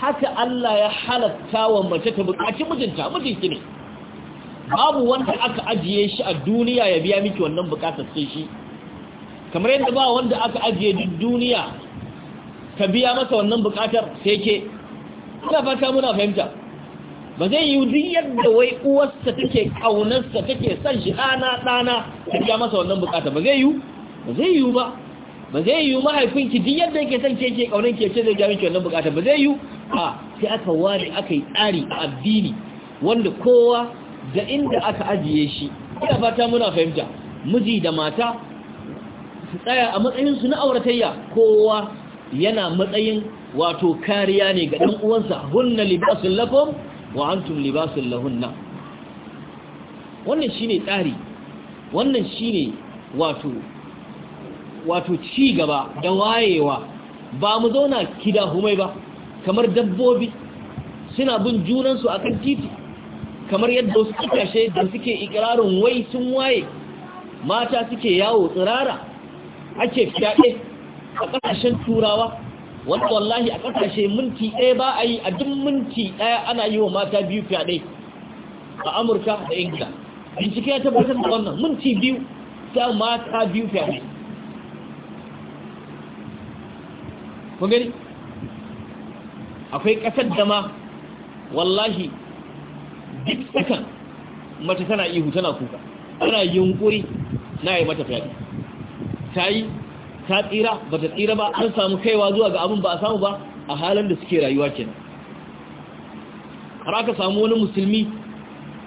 haka Allah ya halatta wa mace ta bukaci mijinta mijinki ne babu wanda aka ajiye shi a duniya ya biya miki wannan bukatar sai shi kamar yadda ba wanda aka ajiye duk duniya ka biya masa wannan bukatar sai ke ina fata muna fahimta ba zai yi duk yadda wai uwarsa take kaunarsa take son shi ɗana ɗana ta biya masa wannan bukata ba zai yi ba zai yi ba ba zai yi mahaifinki duk yadda yake son ke ke kaunar ke ce zai biya miki wannan bukata ba zai yi a sai aka ware aka yi tsari a addini wanda kowa da inda aka ajiye shi ina fata muna fahimta miji da mata su tsaya a matsayin su na auratayya kowa yana matsayin wato kariya ne ga ɗan uwansa hunna libasul lakum wa antum libasul lahunna wannan shine tsari wannan shine wato wato ci gaba da wayewa ba mu zauna kida humai ba kamar dabbobi suna bin junansu akan titi kamar yadda wasu kasashe da suke ikirarin wai sun waye mata suke yawo tsirara ake fyaɗe a kasashen turawa wanda wallahi a kasashe minti ɗaya ba a yi a duk minti ɗaya ana yi wa mata biyu fyaɗe a amurka da ingila bincike ya tabbatar da wannan minti biyu ta mata biyu fyaɗe kun gani akwai ƙasar da ma wallahi duk sakan mata tana ihu tana kuka ana yunkuri na yi mata fyaɗe ta yi ta tsira ba ta tsira ba an samu kaiwa zuwa ga abin ba a samu ba a halin da suke rayuwa kenan har aka samu wani musulmi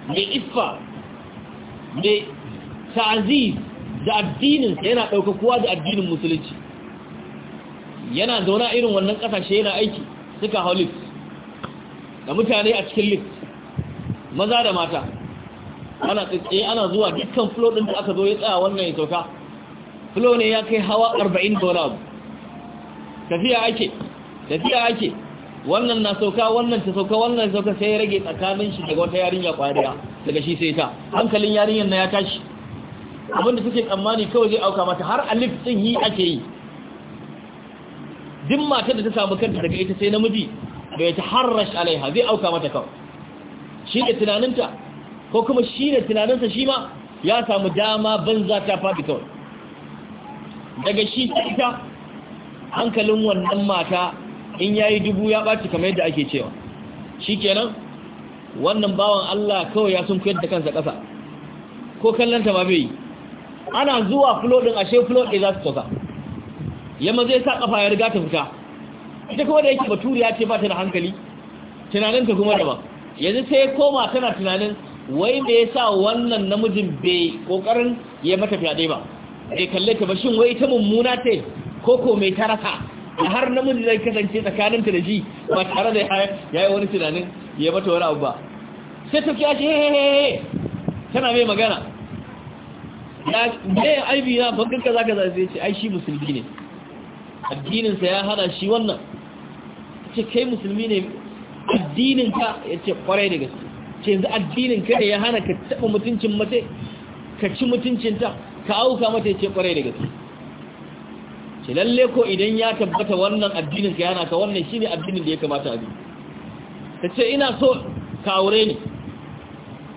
mai iffa mai ta'aziz da addinin yana ɗauka ɗaukakuwa da addinin musulunci yana zauna irin wannan ƙasashe yana aiki suka hau da mutane a cikin lift maza da mata ana tsitsi ana zuwa dukkan flow din da aka zo ya tsaya wannan ya sauka flow ne ya kai hawa 40 dollar tafiya ake tafiya ake wannan na sauka wannan ta sauka wannan sauka sai ya rage tsakanin shi daga wata yarinya kwariya daga shi sai ta hankalin yarinyar na ya tashi da suke tsammani kawai zai auka mata har alif din yi ake yi din matar da ta samu kanta daga ita sai namiji bai ta harrash alaiha zai auka mata kawai shi ne tunaninta ko kuma shi ne tunaninsa shi ma ya samu dama banza ta faɗi kawai daga shi ita hankalin wannan mata in ya yi dubu ya ɓaci kamar yadda ake cewa shi kenan wannan bawan Allah kawai ya sun kuyar da kansa ƙasa ko kallonta ma bai ana zuwa fulo ashe fulo ɗin za su sauka yamma zai sa ƙafa ya riga ta fita ita kuma da yake baturiya ce ba ta da hankali tunaninta kuma daban yanzu sai ya koma tana tunanin wai me yasa wannan namijin bai kokarin ya mata fyaɗe ba bai kalle ta ba shin wai ita mummuna ce ko ko mai tarasa da har namiji zai kasance tsakaninta da ji ba tare da ya yi wani tunanin ya mata wani abu ba sai ta kya ce hehehe tana mai magana ya bayan aibi na bankan kaza kaza sai ce ai shi musulmi ne addininsa ya hana shi wannan ce kai musulmi ne addinin ka ya ce kwarai da gaske ce yanzu addinin ka ya hana ka taɓa mutuncin mace ka ci mutuncinta ka auka mata ya ce kwarai da gaske ce lalle ko idan ya tabbata wannan addinin ka ya hana ka wannan shine addinin da ya kamata a bi ta ce ina so ka aure ni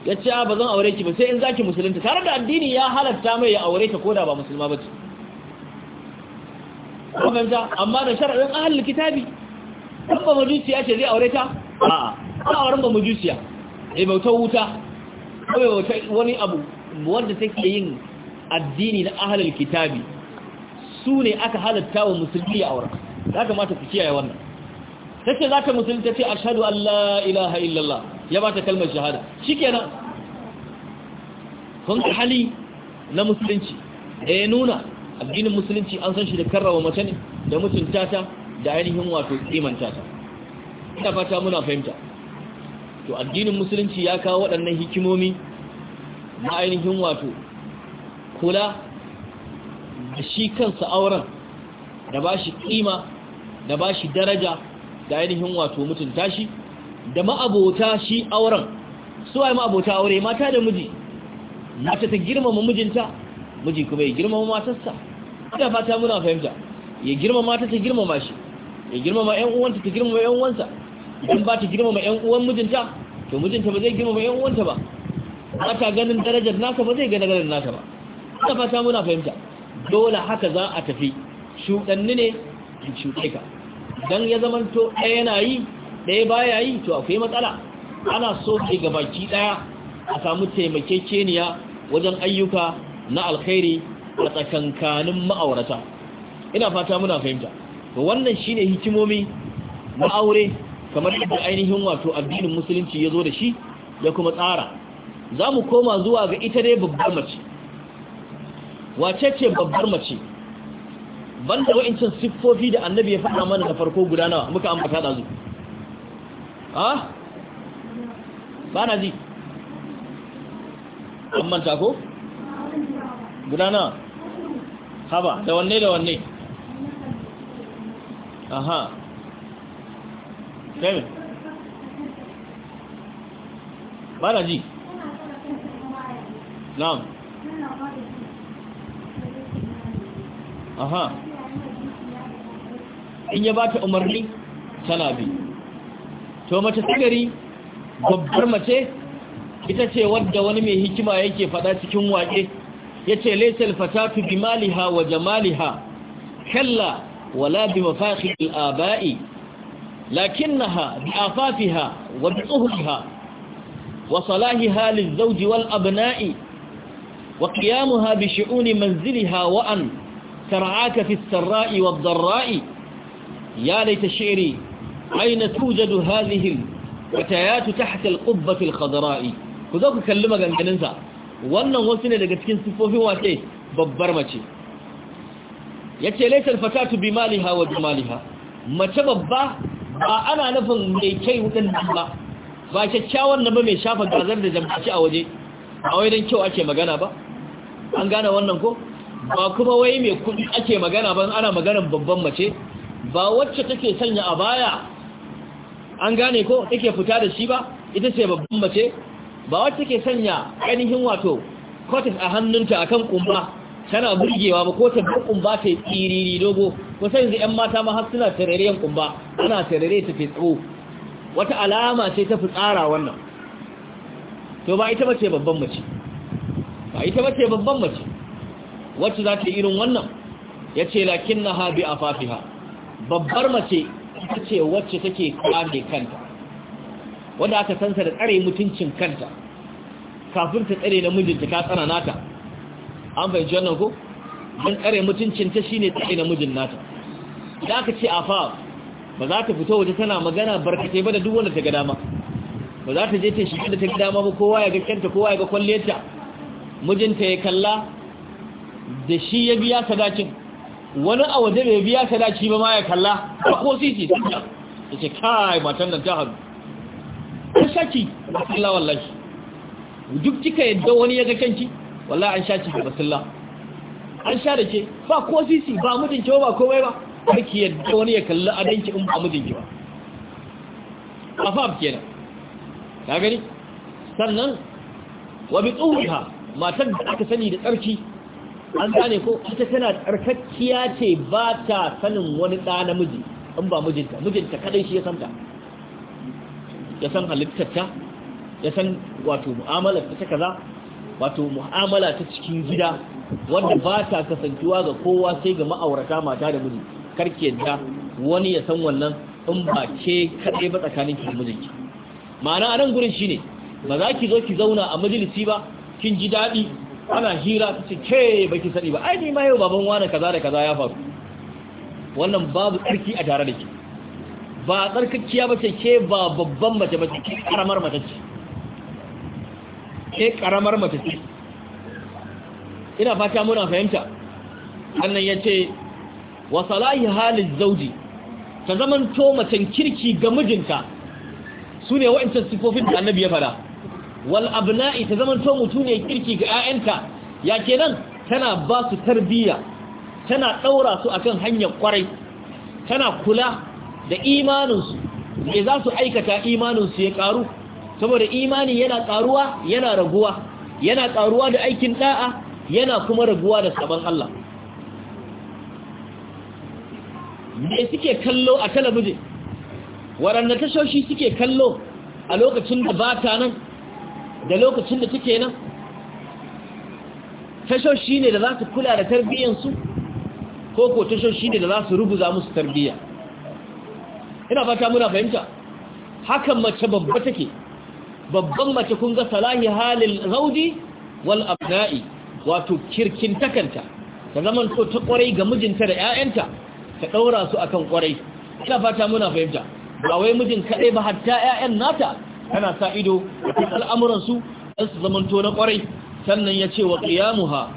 ya ce ba zan aure ki ba sai in ki musulunta tare da addini ya halatta mai ya aure ta da ba musulma ba ce amma da shara'in ahalin kitabi dan ba majusiya ce zai aure ta a'a ba auren ba majusiya eh bautar wuta ko wani abu wanda take yin addini na ahlul kitabi su ne aka halatta wa musulmi ya aure ya kamata ku kiyaye wannan Ta ce tace zaka musulmi ce a an Allah ilaha illallah ya ba ta kalmar shahada Shi ke nan. kun hali na musulunci da ya nuna addinin musulunci an san shi da karrawa mace ne da mutunta ta da ainihin wato imanta ta ina fata muna fahimta to addinin musulunci ya kawo waɗannan hikimomi na ainihin wato kula da shi kansa auren da ba shi kima da ba shi daraja da ainihin wato mutunta shi da ma'abota shi auren su ai ma'abota aure mata da miji mata ta girmama mijinta miji kuma ya girmama matarsa ina fata muna fahimta ya girmama ta ta girmama shi ya girmama ƴan uwanta ta girmama ƴan uwansa idan ba ta girmama ƴan uwan mijinta to mijinta ba zai girmama ƴan uwanta ba ba ta ganin darajar nasa ba zai ga darajar nasa ba ina fata muna fahimta dole haka za a tafi shuɗanni ne in shuɗe ka dan ya to ɗaya yana yi ɗaya baya yi to akwai matsala ana so ke gabaki ɗaya a samu taimakekeniya wajen ayyuka na alkhairi a tsakankanin ma'aurata ina fata muna fahimta to wannan shine hikimomi na aure kamar yadda ainihin wato addinin musulunci ya zo da shi ya kuma tsara za mu koma zuwa ga ita dai babbar mace wace ce babbar mace banda wa'incin siffofi da annabi ya faɗa mana da farko guda nawa muka ambata da zu ha ba na ji an manta ko guda nawa haba da wanne da wanne aha ba ji na'am aha in ya bata umarni tana bi to mace sigari babbar mace ita ce wadda wani mai hikima yake fada cikin waƙe ya ce laisal fatatu bi maliha wa jamaliha kalla ولا بمفاخر الآباء لكنها بآفافها وبأهلها وصلاحها للزوج والأبناء وقيامها بشؤون منزلها وأن ترعاك في السراء والضراء يا ليت شعري أين توجد هذه الفتيات تحت القبة الخضراء كذلك كلمة عن جننسا wannan wasu ne daga cikin siffofin wace babbar mace Ya yace tu fatatu maliha wa maliha mace babba ba ana nufin mai kai hudin nan ba ba kyakkyawan nan ba mai shafa gazar da jamfaci a waje a wai don kyau ake magana ba an gane wannan ko ba kuma wai mai kudi ake magana ba ana maganar babban mace ba wacce take sanya a baya an gane ko take fita da shi ba ita ce babban mace ba wacce take sanya ainihin wato kotis a hannunta akan kumba tana burgewa ba ko ta bi kumba ta tsiriri dogo ko sai yanzu ƴan mata ma har suna tarariyan kumba ana tarare ta fitso wata alama ce ta fi tsara wannan to ba ita bace babban mace ba ita bace babban mace wacce za ta irin wannan Ya ce lakin na habi a fafiha babbar mace ita ce wacce take kame kanta wanda aka sansa da tsare mutuncin kanta kafin ta tsare namijinta ka tsana nata an fahimci wannan ko don mutuncin ta shi ne na namijin nata da aka ce afa ba za ta fito waje tana magana barkatai ba da duk wanda ta ga dama ba za ta je ta shiga da ta ga dama ba kowa ya ga kanta kowa ya ga kwalliyarta mijinta ya kalla da shi ya biya sadakin wani a waje bai biya sadaki ba ma ya kalla ba ko sisi ta ce kai matan nan ta hadu ta shaki Allah wallahi duk kika yadda wani ya ga kanki wallahi an sha ci da an sha da ke ba ko sisi ba mijinki ba komai ba kake yadda wani ya kalli adanki in ba mijinki ba abke nan. ka gani sannan wa bi tsuha matar da aka sani da tsarki an gane ko ita tana tsarkakkiya ce ba ta sanin wani ɗa miji in ba mijinta mijinta kaɗai shi ya santa ya san halittarta ya san wato mu'amalar ta kaza wato mu'amala ta cikin gida wanda ba ta kasancewa ga kowa sai ga ma'aurata mata da miji karki yadda wani ya san wannan in ba ke kaɗai ba tsakanin ki da mijinki ma'ana a nan gurin shine ba za ki zo ki zauna a majalisi ba kin ji daɗi ana hira ta ce ke ba ki sani ba ai ni ma yau baban wani kaza da kaza ya faru wannan babu tsarki a tare da ki ba tsarkakkiya ba ce ke ba babban mace ba ce karamar mace ce ke karamar mace ina fata muna fahimta annan ya ce wa salahi halin zauji ta zaman to kirki ga mijinka su ne wa'incin sifofin da annabi ya fara wal abna'i ta zaman to ne kirki ga 'ya'yanta ya ke nan? tana ba su tarbiyya tana ɗaura su akan hanyar kwarai tana kula da imaninsu me za su aikata imaninsu ya ƙaru saboda imani yana karuwa yana raguwa yana karuwa da aikin da'a yana kuma raguwa da sabon Allah me suke kallo a talabijin waɗanda tashoshi suke kallo a lokacin da bata nan da lokacin da take nan tashoshi ne da za su kula da tarbiyyansu ko ko tashoshi ne da za su rubuza musu tarbiyya ina fata muna fahimta hakan mace babba take babban mace kun ga salahi halil zaudi wal abna'i wato kirkin takanta ta zaman to ta kwarai ga mijinta da ƴaƴanta ta daura su akan kwarai ina fata muna fahimta ba wai mijin kadai ba hatta ƴaƴan nata tana sa ido a al'amuran su dan su zaman to na kwarai sannan ya ce wa qiyamuha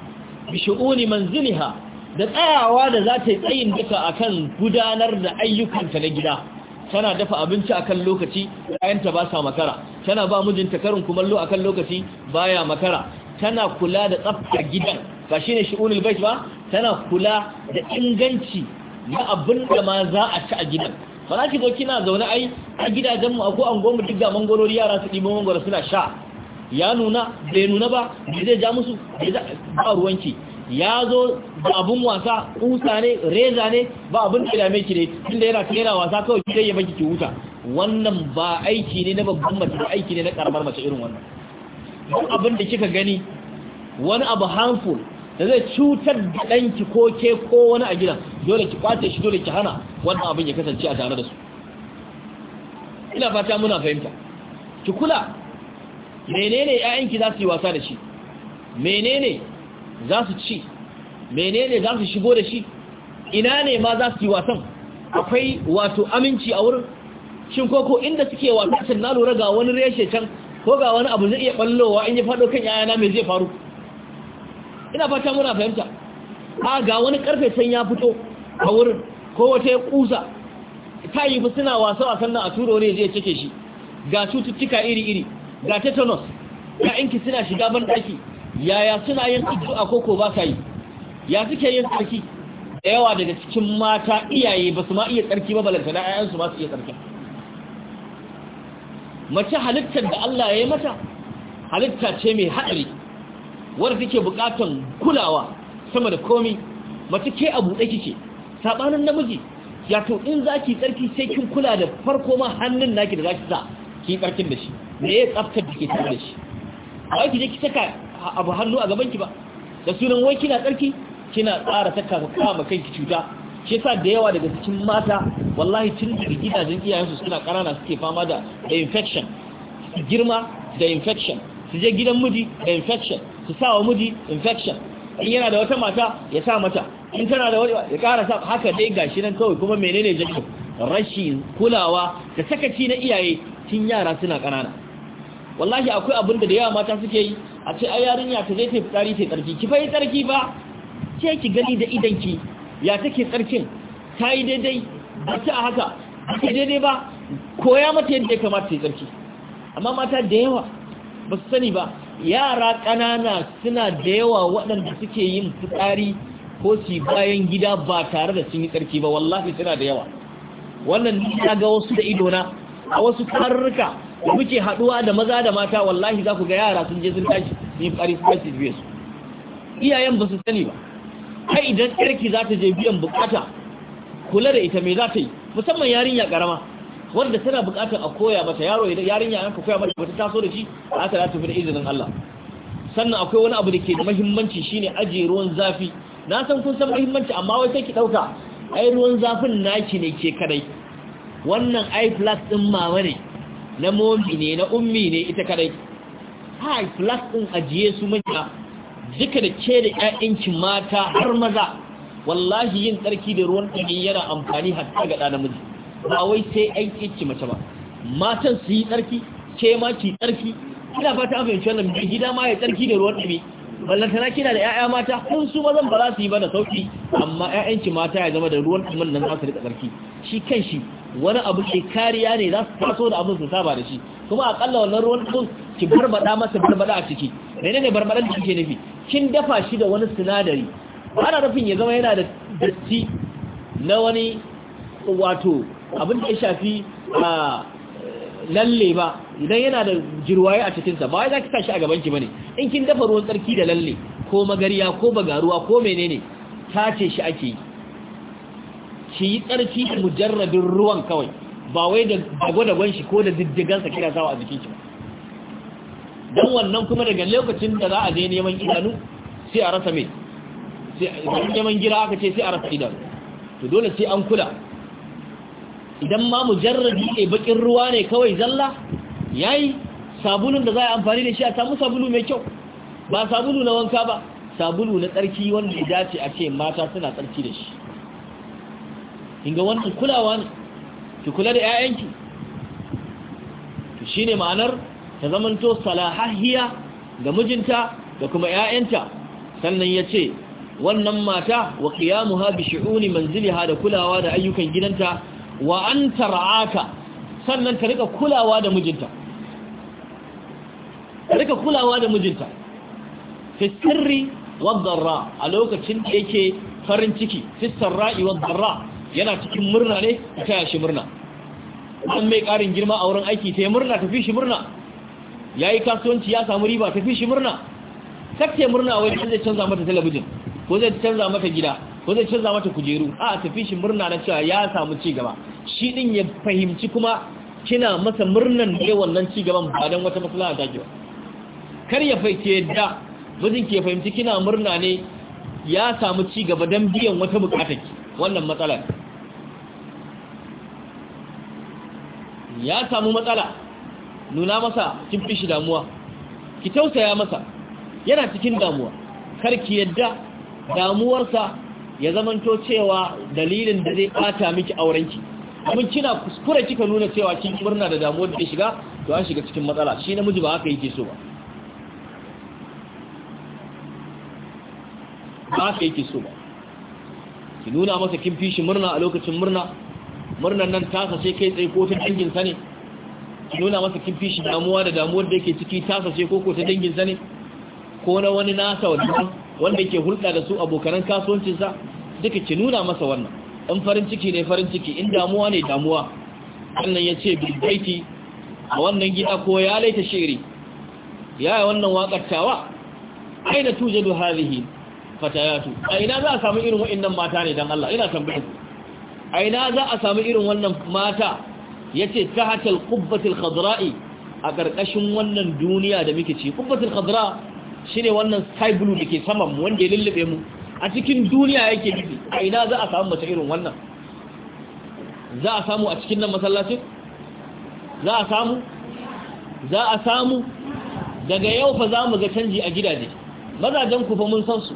bi shu'uni manziliha da tsayawa da za ta yi tsayin duka akan gudanar da ayyukanta na gida tana dafa abinci akan lokaci ayanta ba sa makara tana ba mijinta karin kumallo akan lokaci baya makara tana kula da tsafta gidan ba shine shi'unul bait ba tana kula da inganci na abin da ma za a ci a gidan ba za ki zo kina zaune ai a gidajenmu a ko angon mu duk ga mangorori yara su ɗibo mangoro suna sha ya nuna bai nuna ba zai ja musu ba ruwanki ya zo da abun wasa kusa ne reza ne ba abin da dame ki ne tunda yana kera wasa kawai ki ya baki ki huta wannan ba aiki ne na babban mace ba aiki ne na karamar mace irin wannan duk abin da kika gani wani abu harmful da zai cutar da danki ko ke ko wani a gidan dole ki kwace shi dole ki hana wannan abin ya kasance a tare da su ina fata muna fahimta ki kula menene 'ya'yanki za su yi wasa da shi menene za su ci menene za su shigo da shi ina ne ma za su yi wasan akwai wato aminci a wurin shin koko inda suke wasan na lura ga wani reshe can ko ga wani abu zai iya ballowa in ya fado kan yayana mai zai faru ina fata muna fahimta a ga wani karfe can ya fito a wurin ko wata ya kusa ta yi suna wasa wasan nan a turo ne zai cike shi ga cututtuka iri-iri ga tetanus ga inki suna shiga ban daki yaya suna yin addu'a a koko ba sa yi ya suke yin tsarki da yawa daga cikin mata iyaye ba su ma iya tsarki ba balanta da ayansu ba su iya tsarki mace halittar da Allah ya yi mata halitta ce mai haɗari wadda take buƙatar kulawa sama da komi mace ke a buɗe kike saɓanin namiji ya to in za ki tsarki sai kin kula da farko ma hannun naki da za ki sa ki tsarkin da shi me ya tsaftar da ke tare da shi ba ki je ki saka abu hannu a gabanki ba da sunan wai kina tsarki kina tsara ta kama kanki cuta shi yasa da yawa daga cikin mata wallahi tun daga gidajen iyayensu suna ƙanana suke fama da infection girma da infection su je gidan miji da infection su sa wa miji infection in yana da wata mata ya sa mata in tana da wani ya kara sa haka dai gashi nan kawai kuma menene jikin rashin kulawa da sakaci na iyaye tun yara suna ƙanana wallahi akwai abin da yawa mata suke yi a ce ai yarinya ta zai tafi tsari ta tsarki ki fai tsarki ba ce ki gani da idan ki ya take tsarkin ta yi daidai ba ta haka ba ta daidai ba koya mata yadda ya kamata ta yi tsarki amma mata da yawa ba su sani ba yara ƙanana suna da yawa waɗanda suke yin fitsari ko su bayan gida ba tare da sun yi tsarki ba wallahi suna da yawa wannan ni ga wasu da idona a wasu tarurruka da muke haduwa da maza da mata wallahi za ku ga yara sun je sun tashi ni fari su tashi biye su iyayen ba su sani ba kai idan ƙarki za ta je biyan bukata kula da ita mai za ta yi musamman yarinya ƙarama wanda tana bukatar a koya mata yaro idan yarinya an ka koya mata ta taso da shi za ta tafi da izinin Allah sannan akwai wani abu da ke da muhimmanci shine aje ruwan zafi na san kun san muhimmanci amma wai sai ki dauka ai ruwan zafin naki ne ke kadai wannan ai plus din mama ne na momi ne na ummi ne ita kadai hai plus din ajiye su manya duka da ke da ƴaƴancin mata har maza wallahi yin tsarki da ruwan ɗumi yana amfani hatta ga ɗa namiji ba wai sai ai ƙici mace ba matan su yi tsarki ke ma ki tsarki ina fata abin shi wannan gida ma ya tsarki da ruwan ɗumi ballantana kina da 'ya'ya mata kun su mazan ba za su yi ba da sauki amma 'ya'yanki mata ya zama da ruwan ɗumin nan za su rika tsarki shi kan shi wani abu ke kariya ne za su taso da abin su saba da shi kuma akalla wannan ruwan ɗumin ki barbada masa barbada a ciki mene ne barbadan da kike nufi kin dafa shi da wani sinadari ana nufin ya zama yana da datti na wani wato abin da ya shafi a ah, lalle ba idan yana da jirwaye a cikinsa ba wai za ki sa a gabanki ba ne in kin dafa ruwan tsarki da lalle ko magariya ko bagaruwa ko menene tace shi ake yi ki yi tsarki mujarrabin ruwan kawai ba wai da da shi ko da diddigansa kira sawa a jikinki ba don wannan kuma daga lokacin da za a je neman idanu sai a rasa mai sai neman gira aka ce sai a rasa idanu to dole sai an kula idan ma mujarradi ne bakin ruwa ne kawai zalla yayi sabulun da za a amfani da shi a samu sabulu mai kyau ba sabulu na wanka ba sabulu na tsarki wanda ya dace a ce mata suna tsarki da shi inga wannan kulawa ne ki kula da 'ya'yanki to shine ma'anar ta zamanto Salahahiya ga mijinta da kuma 'ya'yanta sannan ya ce wannan mata wa qiyamuha bi shu'uni manziliha da kulawa da ayyukan gidanta wa an tar'aka sannan ta rika kulawa da mijinta ta rika kulawa da mijinta fi sirri wa dharra a lokacin da yake farin ciki fi sirri wa dharra yana cikin murna ne ta yashi murna an mai karin girma a wurin aiki ta yi murna tafi shi murna yayi kasuwanci ya samu riba tafi shi murna kake murna wai zai canza mata talabijin ko zai canza mata gida ko zai canza mata kujeru a tafi shi murna na cewa ya samu ci gaba shi din ya fahimci kuma kina masa murnan da wannan ci gaban ba dan wata matsala ta ba kar ya fahimci da mijin ke fahimci kina murna ne ya samu ci gaba dan biyan wata bukatar ki wannan matsala ya samu matsala nuna masa kin fi shi damuwa ki tausaya masa yana cikin damuwa kar ki yadda damuwarsa ya zamanto cewa dalilin da zai bata miki aurenki amma kina kuskure kika nuna cewa kin murna da damuwar da shiga to an shiga cikin matsala shi namiji ba haka yake so ba ba haka yake so ba ki nuna masa kin fi shi murna a lokacin murna murnan nan ta sai kai tsaye ko ta dangin sa ne ki nuna masa kin fi shi damuwa da damuwar da yake ciki ta sai ko ko ta dangin sa ne ko na wani nasa wannan wanda ke hulɗa da su abokanan kasuwancinsa duka ki nuna masa wannan in farin ciki ne farin ciki in damuwa ne damuwa wannan ya ce bilbaiti a wannan gida ko ya laita shiri ya yi wannan waƙattawa aina tuje da harihi fatayatu a ina za a samu irin wa'innan mata ne don Allah ina tambayar a ina za a samu irin wannan mata ya ce ta hatar kubbatul khadra'i a ƙarƙashin wannan duniya da muke ci kubbatul khadra' shine wannan sky blue da ke saman mu wanda ya lullube mu a cikin duniya yake gizi a ina za a samu mace irin wannan za a samu a cikin nan masallacin za a samu za a samu daga yau fa za mu ga canji a gidaje mazajen ku fa mun san su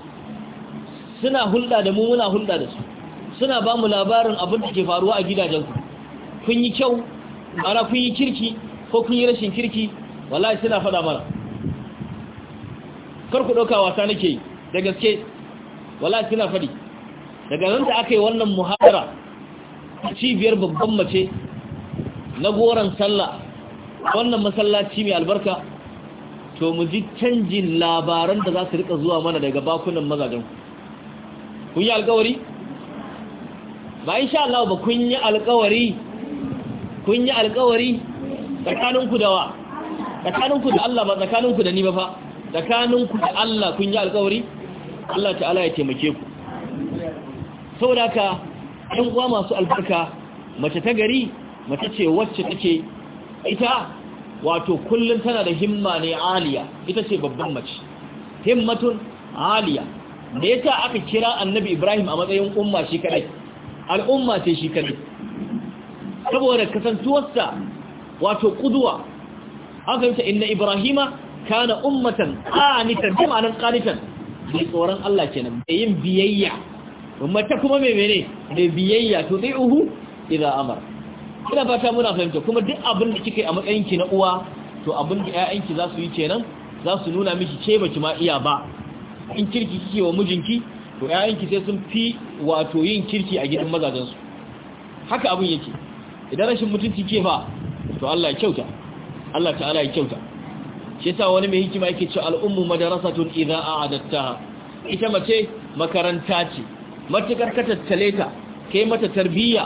suna hulɗa da mu muna hulɗa da su suna ba mu labarin abin da ke faruwa a gidajen ku kun yi kyau mara kun yi kirki ko kun yi rashin kirki wallahi suna faɗa mana kar ku ɗauka wasa nake yi da gaske wala kina faɗi daga nan da aka yi wannan muhadara cibiyar babban mace na goron sallah wannan masallaci mai albarka to mu ji canjin labaran da za su rika zuwa mana daga bakunan mazajen kun yi alkawari ba sha Allah ba kun yi alkawari kun yi alkawari tsakaninku da wa tsakaninku da Allah ba tsakaninku da ni ba fa tsakaninku da Allah kun yi alkawari Allah ta'ala ya taimake ku saboda ka ɗan uwa masu albarka mace ta gari mace ce wacce take ita wato kullum tana da himma ne aliya ita ce babban mace himmatun aliya da yasa aka kira annabi ibrahim a matsayin umma shi kadai al'umma ce shi kadai saboda kasantuwarsa wato kuduwa aka yi ta inna ibrahima kana ummatan qanitan bi ma'anan qanitan bi tsoron Allah kenan da yin biyayya ummata kuma me mene da biyayya to dai uhu idan amara ina fata muna fahimta kuma duk abin da kike a matsayinki na uwa to abin da ƴaƴanki za su yi kenan za su nuna miki ce baki ma iya ba in kirki kike wa mijinki to ƴaƴanki sai sun fi wato yin kirki a gidan mazajensu haka abin yake idan rashin mutunci ke fa to Allah ya kyauta Allah ta'ala ya kyauta shi wani mai hikima yake ce al'ummu madarasatun idza adatta. ita mace makaranta ce matukar ka tattale ta kai mata tarbiyya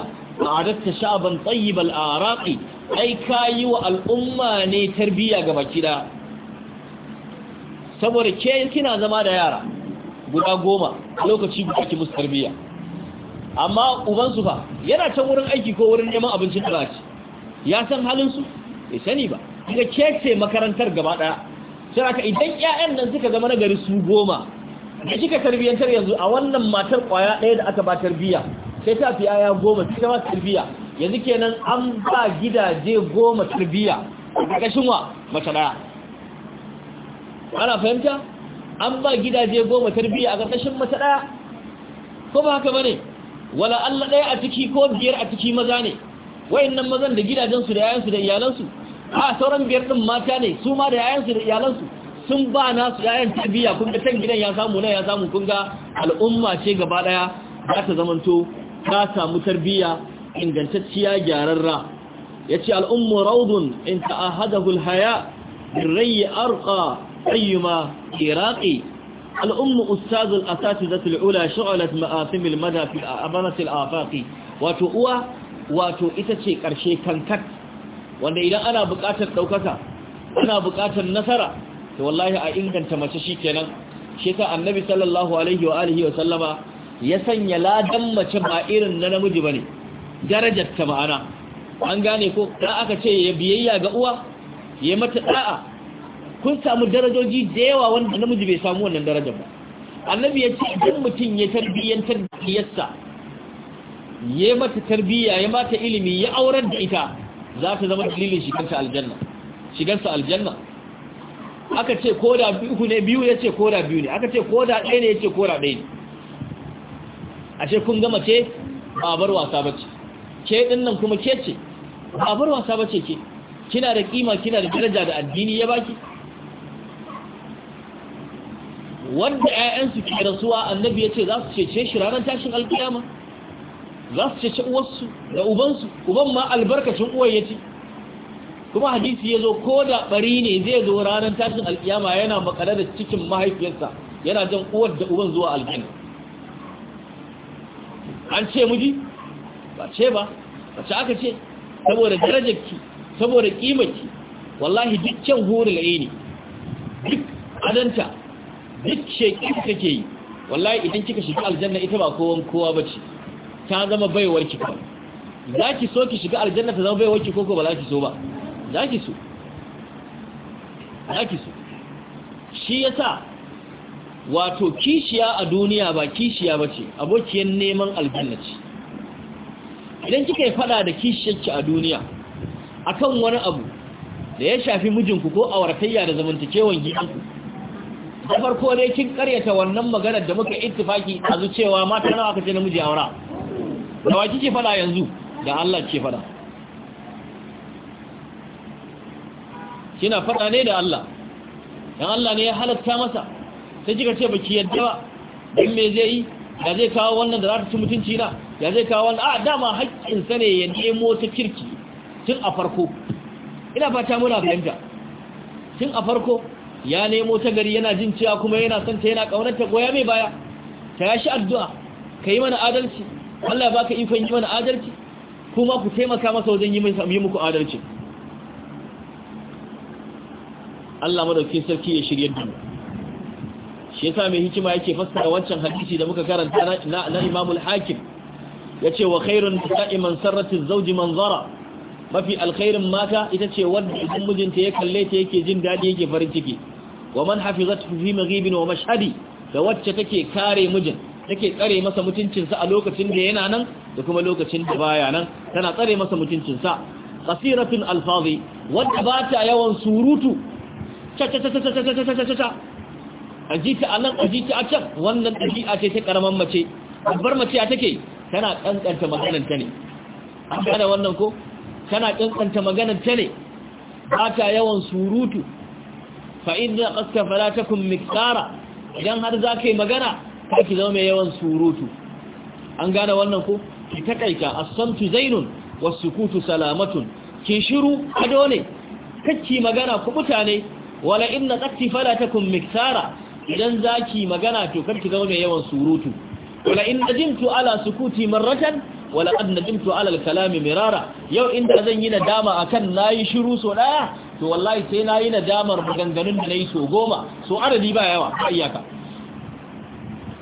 a'adatta sha'ban tayyibal araqi ai yi wa al'umma ne tarbiyya ga baki da saboda ke kina zama da yara guda goma lokaci guda ki musu tarbiyya amma ubansu fa yana can wurin aiki ko wurin neman abincin da ya san halin su bai sani ba daga kece makarantar gaba ɗaya sai aka idan ƴaƴan nan suka zama nagari su goma da kika tarbiyantar yanzu a wannan matar ƙwaya ɗaya da aka ba tarbiya sai ta fi aya goma ta zama tarbiya yanzu kenan an ba gidaje goma tarbiya a ƙarƙashin wa mace ɗaya ana fahimta an ba gidaje goma tarbiya a ƙarƙashin mace ɗaya ko ba haka bane wala Allah ɗaya a ciki ko biyar a ciki maza ne wayannan mazan da gidajensu da yayansu da iyalansu a sauran biyar ɗin mata ne su ma da yayansu da iyalansu sun ba nasu yayan tarbiyya kun ga can gidan ya samu nan ya samu kun ga al'umma ce gaba ɗaya za ta zamanto ta samu tarbiyya ingantacciya gyararra ce al'ummu raudun in ta'ahadahu al-haya birri arqa ayyuma iraqi الأم أستاذ ma'asimil madafi a مآثم المدى wato Uwa wato ita ce ƙarshe كنكت wanda idan ana buƙatar ɗaukaka ana buƙatar nasara to wallahi a inganta mace shi kenan shi ta annabi sallallahu alaihi wa alihi wa sallama ya sanya ladan mace ba irin na namiji bane darajar ta ma'ana an gane ko da aka ce ya biyayya ga uwa ya mata da'a kun samu darajoji da yawa wanda namiji bai samu wannan darajar ba annabi ya ce idan mutum ya tarbiyyantar da iyarsa ya mata tarbiyya ya mata ilimi ya aurar da ita za ta zama dalilin shigarsa aljanna shigarsa aljanna aka ce koda biyu ne biyu ya ce koda biyu ne aka ce koda ɗaya ne ya ce koda ɗaya ne A ce kun gama ce babar wasa bace ke ɗin nan kuma ke ce babar wasa bace ke kina da kima kina da daraja da addini ya baki wanda ƴaƴansu ke rasuwa annabi ya ce za su cece shi ranar tashin alƙiyama za su cece uwarsu da ubansu uban ma albarkacin uwar ya ci kuma hadisi ya zo ko da bari ne zai zo ranar tashin alkiyama yana makare da cikin mahaifiyarsa yana jan uwar da uban zuwa aljanna an ce miji ba ce ba ba ce aka ce saboda darajarki saboda kimarki wallahi duk kyan hori laye ne duk adanta duk shekin kake yi wallahi idan kika shiga aljanna ita ba kowan kowa bace ta zama baiwar ki za so ki shiga aljanna ta zama baiwar ki koko ba za so ba za so za so shi yasa wato kishiya a duniya ba kishiya bace abokiyar neman aljanna ce idan kika yi fada da kishiyar ki a duniya akan wani abu da ya shafi mijinku ko auratayya da zamantakewan gidanku da farko dai kin karyata wannan maganar da muka ittifaki a cewa mata nawa aka namiji aura da wa kike fada yanzu da Allah ce fada kina fada ne da Allah dan Allah ne ya halatta masa sai kika ce baki yadda ba dan me zai yi ya zai kawo wannan da za ta ci mutunci na ya zai kawo wannan a dama haƙƙin sa ne ya nemo ta kirki tun a farko ina fata muna fahimta tun a farko ya nemo ta gari yana jin cewa kuma yana son ta yana ta goya mai baya ta yashi addu'a kai mana adalci Allah ya baka ikon yi mana adalci kuma ku taimaka masa wajen yi muku adalci Allah madauki sarki ya shirye da shi yasa mai hikima yake fassara wancan hadisi da muka karanta na, Imam al-Hakim yace wa khairun nisa'i man az-zawj manzara mafi alkhairin mata ita ce wanda idan mijinta ya kalle ta yake jin dadi yake farin ciki wa man hafizat fi maghibin wa mashhadi da wacce take kare mijin take tsare masa mutuncinsa a lokacin da yana nan da kuma lokacin da baya nan tana tsare masa mutuncinsa qasiratul alfazi wadda ba ta yawan surutu cha cha cha cha cha cha cha ta anan a can wannan dabi'a ce ta karaman mace babbar mace a take tana kankanta maganar ta ne an gane wannan ko tana kankanta maganar ta ne ba ta yawan surutu fa idza qaska fala takum miktara idan har za ka yi magana ki zama mai yawan surutu an gane wannan ku? ki takaita as-samtu zainun was-sukutu salamatun ki shiru ado ne kacci magana ku mutane wala inna taqti fala takum miktara idan ki magana to kar ki zama mai yawan surutu wala in najimtu ala sukuti marratan wala qad najimtu ala al-kalami mirara yau inda zan yi nadama akan nayi shiru so daya to wallahi sai nayi nadamar maganganun da nayi so goma so adadi ba yawa ba iyaka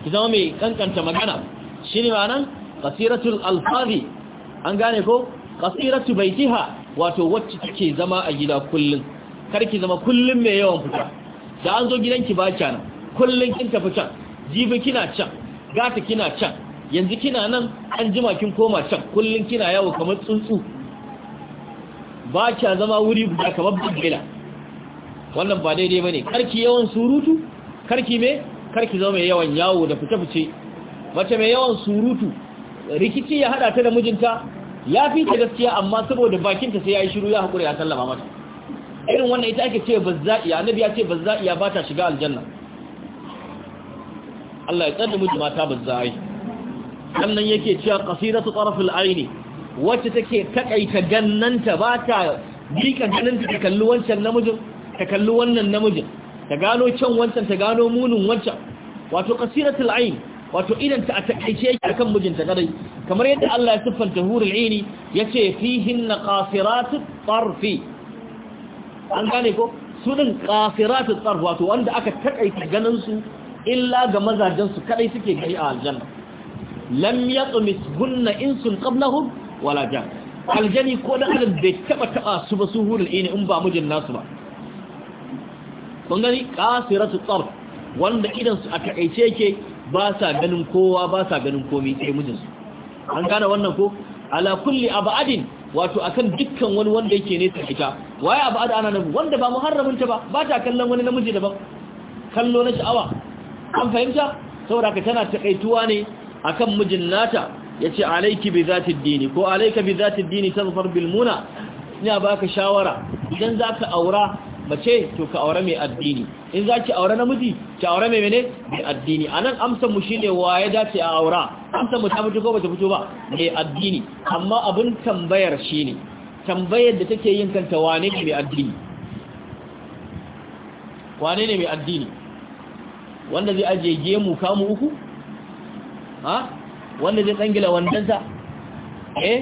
ki zama mai kankanta magana ne ma'anan kasiratul alfazi an gane ko kasiratul baitiha wato wacce take zama a gida Kar ki zama kullum mai yawan fita da an zo gidanki ba nan, kullum kin tafi can jibi kina can gata kina can yanzu kina nan an jima kin koma can Kullum kina yawo kamar tsuntsu ba kya zama wuri guda kamar bugela wannan ba daidai bane karki yawan surutu karki me karki zo mai yawan yawo da fice-fice mace mai yawan surutu rikici ya hada ta da mijinta ya fi ta gaskiya amma saboda bakinta sai ya yi shiru ya haƙura ya sallama mata irin wannan ita ake ce bazza'iya annabi ya ce bazza'iya ba ta shiga aljanna Allah ya tsada miji mata bazza'i sannan yake cewa qasiratu tarafil aini wacce take takaita gannanta ba ta dika gannanta ta kalli wancan namijin ta kalli wannan namijin ta gano can wancan ta gano munin wancan wato kasiratul ain wato idan ta takaice yake akan mijinta kadai kamar yadda Allah ya siffanta hurul aini yace fihinna qasiratut tarfi an gane ko su din qasiratut tarf wato wanda aka takaita ganin su illa ga mazajen su kadai suke gari a aljanna lam yatmis hunna insun qablahum wala jan aljani ko da adam bai taba taba su ba su hurul aini in ba mijin nasu ba kun gani qasiratu tsar wanda idan su a takaice yake ba sa ganin kowa ba sa ganin komai sai mijinsu an gane wannan ko ala kulli abadin wato akan dukkan wani wanda yake ne ta ita waye abad ana nan wanda ba muharramin ta ba ba ta kallon wani namiji daban kallo na sha'awa an fahimta saboda ka tana takaituwa ne akan mijin nata yace alayki bi zati dini ko alayka bi zati dini tazfar bil muna ina baka shawara idan zaka aura mace to ka aure mai addini in za ki aure namiji ki aure mai mene mai addini a nan mu shine wa ya dace a aura amsan mu ta fito ko bata fito ba mai addini amma abin tambayar shine tambayar da take yin kanta wane ne mai addini wane ne mai addini wanda zai aje gemu kamu uku ha wanda zai tsangila wandansa eh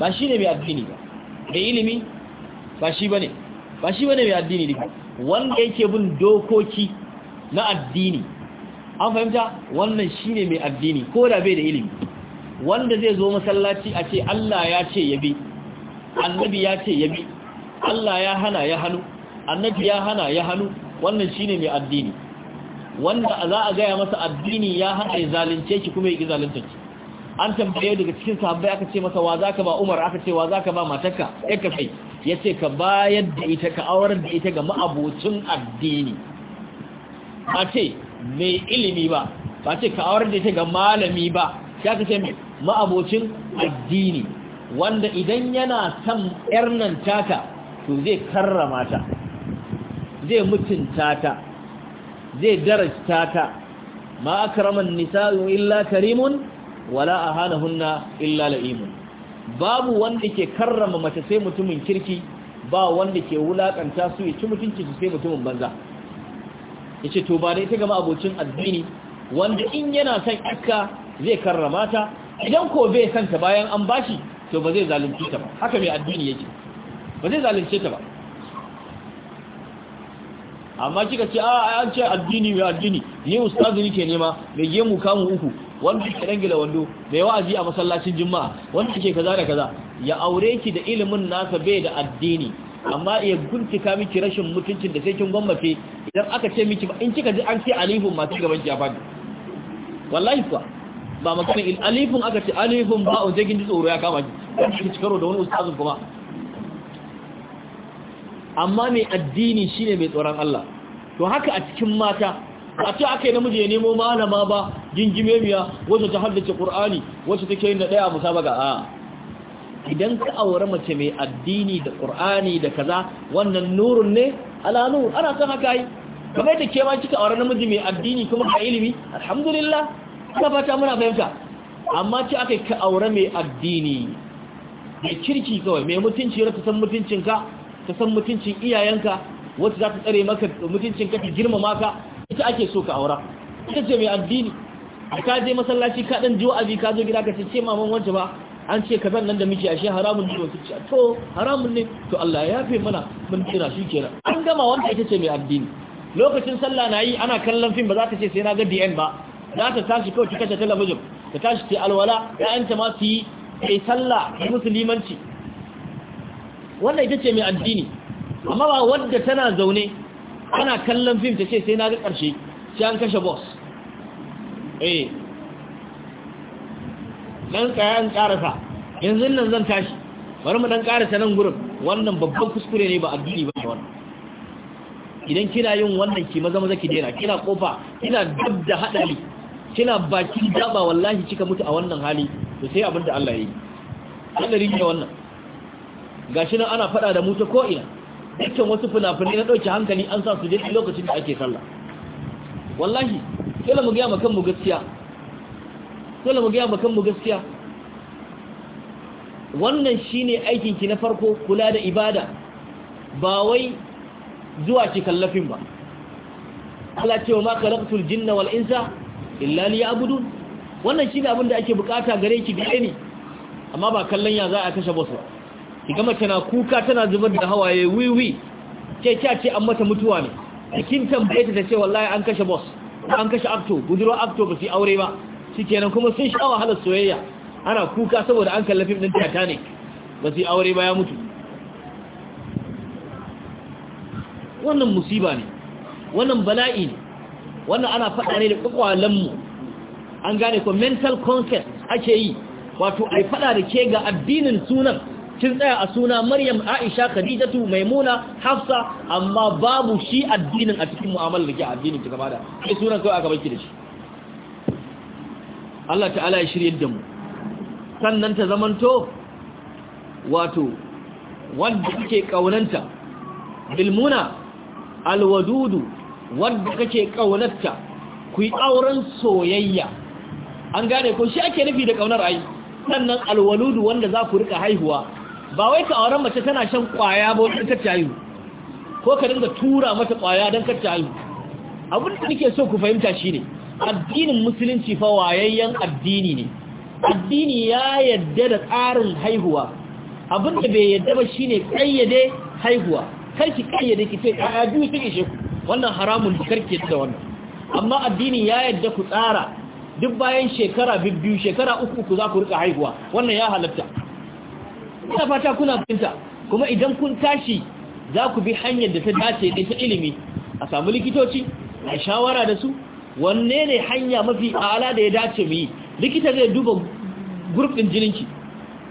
ba shine mai addini ba da ilimi ba shi bane ba shi wane mai addini ne wanda yake bin dokoki na addini an fahimta wannan shine mai addini ko da bai da ilimi wanda zai zo masallaci a ce Allah ya ce yabi annabi ya ce yabi Allah ya hana ya hanu annabi ya hana ya hanu wannan shine mai addini wanda za a gaya masa addini ya hana ya zalince ki kuma ya ki zalince ki an tambaye daga cikin sahabbai aka ce masa wa zaka ba Umar aka ce wa zaka ba matarka yakka sai. ya ce ka bayar da ita ka awar da ita ga ma'abocin addini ba ce mai ilimi ba ba ce ka awar da ita ga malami ba ya ka ce ma'abocin addini wanda idan yana san yar nan to zai karrama ta zai mutunta ta zai darasta ta ma akraman nisa'u illa karimun wala a hana ahanahunna illa la'imun babu wanda ke karrama mace sai mutumin kirki ba wanda ke wulakanta su ya ci mutunci su sai mutumin banza yace ce to ba dai ta gama abocin addini wanda in yana son iska zai karrama ta idan ko bai santa bayan an bashi to ba zai zalunce ta ba haka mai addini yake ba zai zalunce ta ba amma kika ce a an ce addini mai addini ni ustazu nike nema mai mu kamun uku wanda ke gida wando mai wa'azi a masallacin juma'a wanda ke kaza da kaza ya aure ki da ilimin nasa bai da addini amma ya guntuka miki rashin mutuncin da sai kin gwammace idan aka ce miki in kika ji an ce alifun masu gaban ki a fadi wallahi kuwa ba magana alifun aka ce alifun ba'un sai kin ji tsoro ya kama ki karo da wani ustazun kuma amma mai addini shine mai tsoron Allah to haka a cikin mata a ce ake namiji ya nemo malama ba gingime wacce ta haddace Qur'ani wacce take yin da mus'aba ga a idan ka aure mace mai addini da Qur'ani da kaza wannan nurun ne ala nur ana son haka yi kuma da ke ma kika aure namiji mai addini kuma ka ilimi alhamdulillah ka fata muna fahimta amma ce aka ka aure mai addini mai kirki kawai mai mutunci rata san mutuncinka Ka san mutuncin iyayenka wacce za ta tsare maka mutuncin ka ta maka ita ake so ka aura ita ce mai addini ka je masallaci ka dan ji wa'azi ka zo gida ka ce maman wacce ba an ce ka nan da miki ashe haramun ne wasu to haramun ne to Allah ya yafe mana mun kira shi kenan an gama wanda ita ce mai addini lokacin sallah na yi ana kallon fim ba za ta ce sai na ga DN ba za ta tashi kawai ta kashe talabijin ta tashi ta alwala ya'yanta ma su yi kai sallah musulmanci wannan ita ce mai addini amma ba wadda tana zaune ana kallon fim ta ce sai na ga ƙarshe shi an kashe boss eh dan tsaya an karasa yanzu nan zan tashi bari mu dan karasa nan gurin wannan babban kuskure ne ba addini ba wannan idan kina yin wannan ki maza maza ki dena kina kofa kina dab da hadari kina baki daba wallahi kika mutu a wannan hali to sai abinda Allah ya yi hadari ne wannan Ga shi nan ana fada da mu ta ko'ina dukkan wasu funafunai na ɗauki hankali an sa su je lokacin da ake sallah wallahi dole mu gaya makan mu gaskiya dole mu gaya makan gaskiya wannan shine aikin ki na farko kula da ibada ba wai zuwa ki kallafin ba Allah ce wa ma khalaqtul jinna wal insa illa liya'budun wannan shine abin da ake bukata gare ki da ni amma ba kallon ya za a kashe boss ba ki gama tana kuka tana zubar da hawaye wiwi ke kya ce an mata mutuwa ne da kin tambaye ta ce wallahi an kashe boss an kashe acto, budurwa acto ba su aure ba kenan kuma sun sha wahalar soyayya ana kuka saboda an kalla fim din Titanic ba su aure ba ya mutu wannan musiba ne wannan bala'i ne wannan ana faɗa ne da kwakwalen mu an gane ko mental concept ake yi wato ai faɗa da ke ga addinin sunan kin tsaya a suna Maryam Aisha Khadijatu Maimuna Hafsa amma babu shi addinin a cikin mu'amalar ki addinin ki gaba da sai sunan kai aka barki da shi Allah ta'ala ya shirye da mu sannan ta zamanto wato wanda kake kaunanta bilmuna alwadudu wanda kake kaunarta ku yi auren soyayya an gane ko shi ake nufi da kaunar ai sannan alwaludu wanda za ku rika haihuwa ba wai ka auren mace tana shan kwaya ba wani kacce ayu ko ka dinga tura mata kwaya don kacce ayu abin da nake so ku fahimta shine addinin musulunci fa wayayyen addini ne addini ya yadda da tsarin haihuwa abin da bai yadda ba shine kayyade haihuwa kar ki kayyade ki ce kaya biyu suke shi wannan haramun karki da wannan amma addini ya yadda ku tsara duk bayan shekara biyu shekara uku ku za ku rika haihuwa wannan ya halatta ina fata kuna kuma idan kun tashi za ku bi hanyar da ta dace da ta ilimi a samu likitoci a shawara da su wanne ne hanya mafi ala da ya dace mu yi likita zai duba gurbin jininki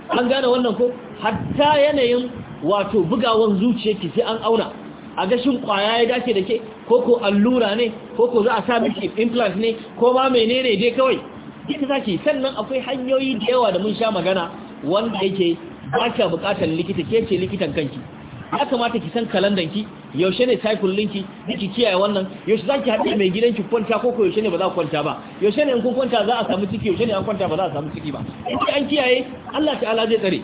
an gane wannan ko hatta yanayin wato bugawan zuciyarki sai an auna a ga gashin kwaya ya dace da ke ko ko allura ne ko ko za a sa miki implant ne ko ma menene dai kawai yadda zaki sannan akwai hanyoyi da yawa da mun sha magana wanda yake ba kya bukatar likita ke ce likitan kanki ya kamata ki san kalandan ki yaushe ne cycle linki ki kiyaye wannan yaushe zaki ki haɗe mai gidanki kwanta ko yaushe ne ba za ku kwanta ba yaushe ne in kun kwanta za a samu ciki yaushe ne an kwanta ba za a samu ciki ba in an kiyaye Allah ta'ala zai tsare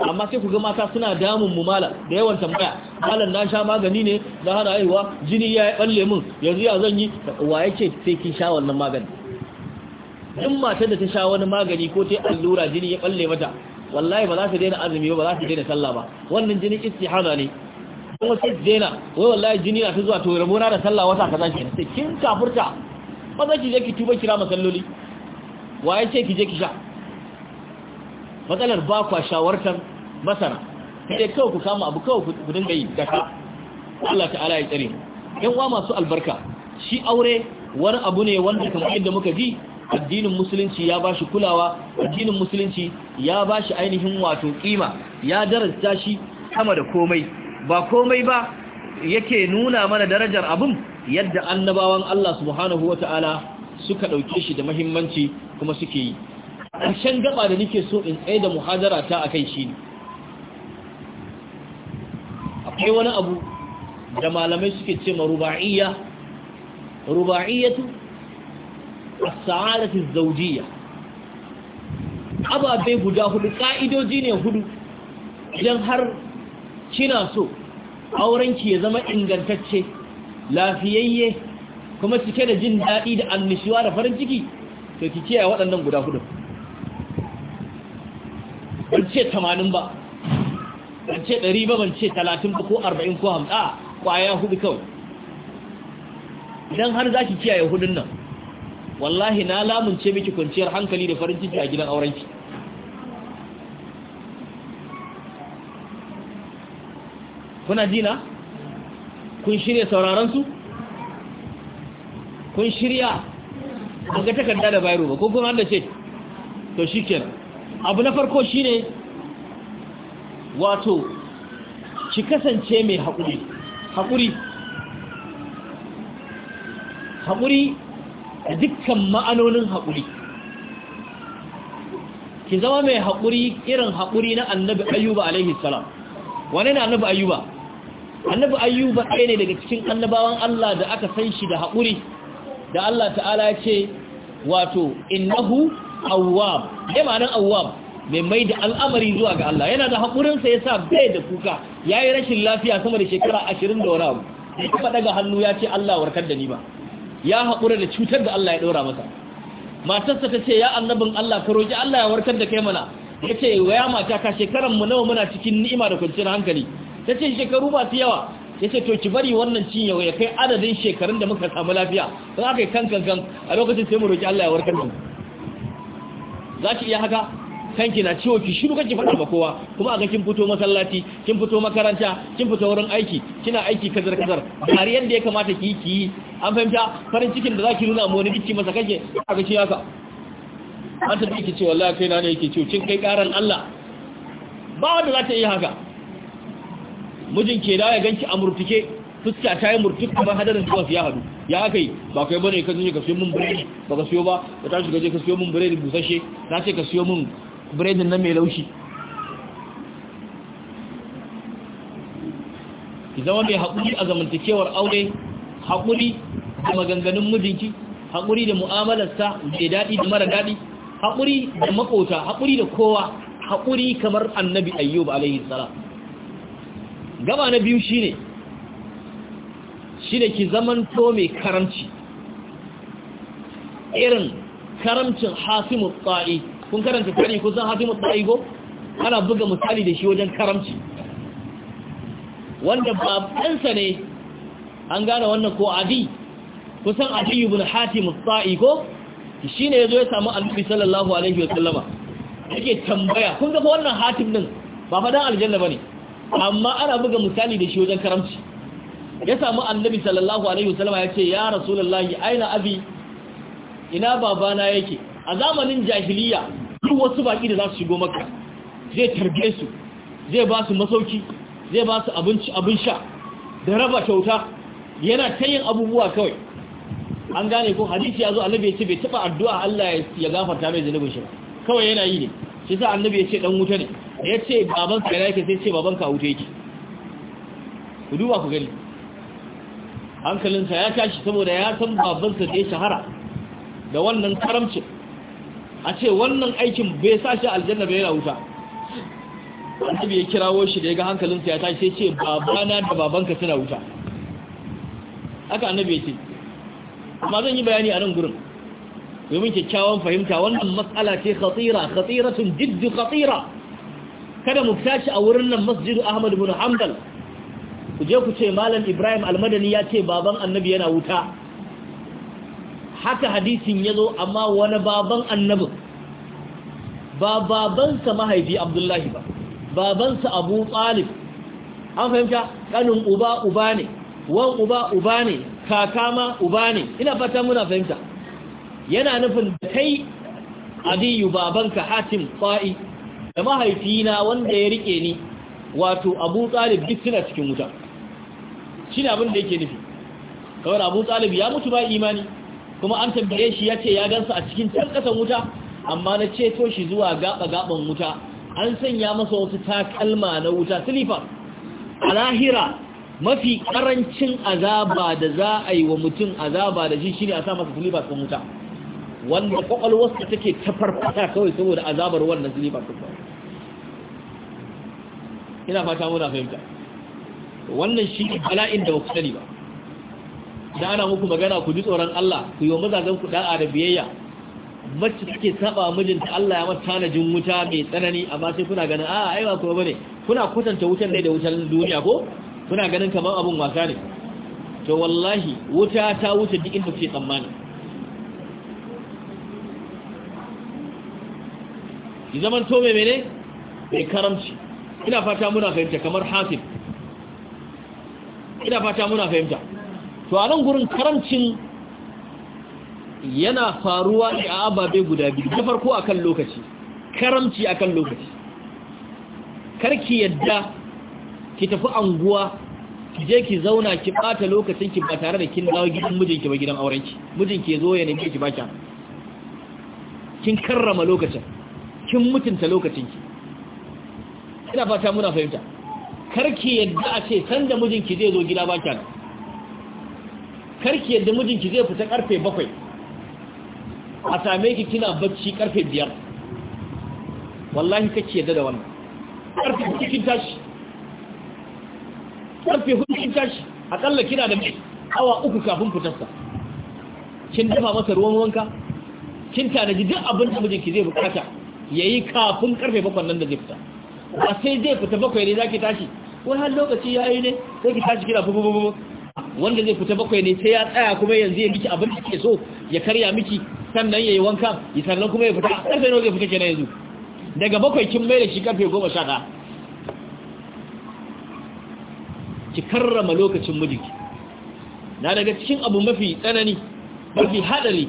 amma sai ku ga mata suna damun mu mala da yawan tambaya malam na sha magani ne na hana haihuwa jini ya balle min yanzu ya zan yi wa yake sai kin sha wannan magani duk matar da ta sha wani magani ko ta allura jini ya balle mata wallahi ba za su daina azumi ba za su daina sallah ba wannan jinin istihana ne kuma sai daina wai wallahi jini na ta zuwa to rabona da sallah wata kaza ke sai kin kafurta ba za ki je ki tuba kira masalloli waye ce ki je ki sha matsalar ba kwa shawartar masana sai kawai ku kama abu kawai ku dinga yi daga Allah ta'ala ya tsare mu yan uwa masu albarka shi aure wani abu ne wanda kamar yadda muka ji addinin musulunci ya bashi kulawa addinin musulunci ya bashi ainihin wato kima ya darasta shi sama da komai ba komai ba yake nuna mana darajar abin yadda annabawan Allah subhanahu wata'ala suka dauke shi da muhimmanci kuma suke yi ƙarshen gaba da nake so in tsaye da muhadara ta akai shi ne akwai wani abu da malamai suke ce ma ruba'iyya ruba'iyyatu as-sa'adatu az ababe guda hudu ka'idoji ne hudu idan har kina so aurenki ya zama ingantacce lafiyayye kuma cike da jin daɗi da annishuwa da farin to ki kiyaye waɗannan guda hudu ban ce tamanin ba ban ce ɗari ba ban ce talatin ba ko arba'in ko hamsa ƙwaya hudu kawai idan har za ki kiyaye hudun nan wallahi na lamunce miki kwanciyar hankali da farin ciki a gidan aurenki kuna dina? kun shirya sauraron su kun shirya an takarda da bayro ba ko kuma da ce to shikenan abu na farko shine wato ki kasance mai haƙuri haƙuri a dukkan ma'anonin haƙuri ki zama mai haƙuri irin haƙuri na annabi ayuba, alaihi salam wane ne annabi ayuba annabi ayyuba ɗaya ne daga cikin annabawan Allah da aka san shi da haƙuri da Allah ta'ala ya ce wato innahu awwab ya ma'anar awwab mai mai da al'amari zuwa ga Allah yana da haƙurinsa ya sa bai da kuka ya yi rashin lafiya sama da shekara ashirin da wani abu ya kuma daga hannu ya ce Allah warkar da ni ba ya haƙura da cutar da Allah ya ɗora masa matarsa ta ce ya annabin Allah ka roƙi Allah ya warkar da kai mana ya ce ya mata ka shekaran mu nawa muna cikin ni'ima da kwanciyar hankali ta ce shekaru masu yawa ya ce to ki bari wannan cin yau ya kai adadin shekarun da muka samu lafiya don aka yi kan kan kan a lokacin sai mu roƙi Allah ya warkar da mu za ki iya haka kanki na ciwo ki shiru kake faɗa ba kowa kuma ga kin fito masallaci kin fito makaranta kin fito wurin aiki kina aiki kazar kazar har yadda ya kamata ki yi an fahimta farin cikin da zaki nuna mu wani biki masa kake aga shi haka an ta biki ce wallahi kai na ne yake ciwo kin kai karan Allah ba wanda za ta yi haka mijin ke da ya ganki a murtuke fuska ta yi murtuk kamar hadarin zuwa ya hadu ya kai yi ba kai bane ka je ka siyo min biredi ba ka siyo ba ka tashi ka je ka siyo min biredi busashe na ce ka siyo min biredin nan mai laushi ki zama mai haƙuri a zamantakewar aure haƙuri da maganganun mijinki haƙuri da mu'amalarsa mai daɗi da mara daɗi haƙuri da makota haƙuri da kowa haƙuri kamar annabi ayyub alaihi gaba na biyu shine shine ki zamanto mai karamci irin karamcin hasimu tsa'i kun karanta tarihi kun san masu a'igo? ana buga misali da shi wajen karamci wanda babansa ne an gane wannan ko adi kusan adi ibn masu a'igo? Shi ne ya zo ya samu annabi sallallahu alaihi wasallama yake tambaya kun ga wannan hatim din ba fadan aljanna ba ne. amma ana buga misali da shi wajen karamci ya samu annabi sallallahu alaihi wasallama yace ya rasulullahi aina abi ina babana yake a zamanin jahiliya duk wasu baki da za su shigo maka zai tarbe su zai ba su masauki zai ba su abinci abin sha da raba kyauta yana ta yin abubuwa kawai an gane ko hadisi ya zo annabi ya ce bai taba addu'a Allah ya gafarta mai zunubin shi kawai yana yi ne shi sa annabi ya ce dan wuta ne ya ce baban ka yake sai ce baban ka wuta yake ku duba ku gani hankalinsa ya tashi saboda ya san babansa da ya shahara da wannan karamcin a ce wannan aikin bai sa shi aljanna bai yana wuta annabi ya kirawo shi da ya ga hankalinsa ya tashi sai ce babana da babanka suna wuta haka annabi ya ce amma zan yi bayani a nan gurin domin kyakkyawan fahimta wannan matsala ce khatira khatiratun jiddi khatira kada mu tashi a wurin nan masjid ahmad ibn hanbal ku je ku ce malam ibrahim al-madani ya ce baban annabi yana wuta haka hadisin ya zo amma wani baban annabin ba babansa mahaifi abdullahi ba babansa abu talib an fahimta kanin uba uba ne wan uba uba ne kaka ma uba ne ina fata muna fahimta yana nufin kai adiyu babanka hatim fa'i da mahaifina wanda ya rike ni wato abu talib duk suna cikin wuta shi ne abin da yake nufi kawai abu talib ya mutu ba imani kuma an tambaye shi ya ce ya gansa a cikin tarkatan wuta amma na ceto shi zuwa gaba-gaban wuta an sanya masa wasu takalma na wuta silifar a lahira mafi ƙarancin azaba da za a yi wa mutum azaba da shi shi ne a sa masa silifar sun wuta wanda kwakwalwarsa take tafarfata kawai saboda azabar wannan silifar sun ina fata muna fahimta wannan shi bala'in da ba ku sani ba idan ana muku magana ku ji tsoron Allah ku yi wa mazajen ku da'a da biyayya mace take saba mijinta Allah ya mata jin wuta mai tsanani amma sai kuna ganin a ai ba kuma bane kuna kwatanta wutan dai da wutan duniya ko kuna ganin kamar abun wasa ne to wallahi wuta ta wuce duk inda kuke tsammani ki zaman to me mene mai karamci ina fata muna fahimta kamar hasib ina fata muna fahimta to a nan gurin karamcin yana faruwa ne a ababe guda biyu da farko akan lokaci karamci akan lokaci karki yadda ki tafi anguwa ki je ki zauna ki bata lokacin ki ba tare da kin dawo gidan mijinki ba gidan aurenki mijinki ya zo ya nemi ki baki kin karrama lokacin kin mutunta lokacinki ina fata muna fahimta karki yadda a ce sanda mijinki zai zo gida ba nan karki yadda mijinki zai fita karfe bakwai a same ki kina bacci karfe biyar wallahi kake yadda da wannan karfe hudu kin tashi karfe hudu kin tashi akalla kina da mai awa uku kafin fitarsa kin dafa masa ruwan wanka kin tanaji duk abin da mijinki zai bukata yayi kafin karfe bakwai nan da zai fita ba sai zai fita bakwai ne zaki tashi wani har lokaci ya yi ne sai ki tashi kina bubu bubu wanda zai fita bakwai ne sai ya tsaya kuma yanzu ya miki abin da ke so ya karya miki sannan ya yi wanka ya sannan kuma ya fita ƙarfe nawa zai fita na yanzu daga bakwai kin mai da shi ƙarfe goma sha ɗaya ki karrama lokacin mijinki na daga cikin abu mafi tsanani mafi haɗari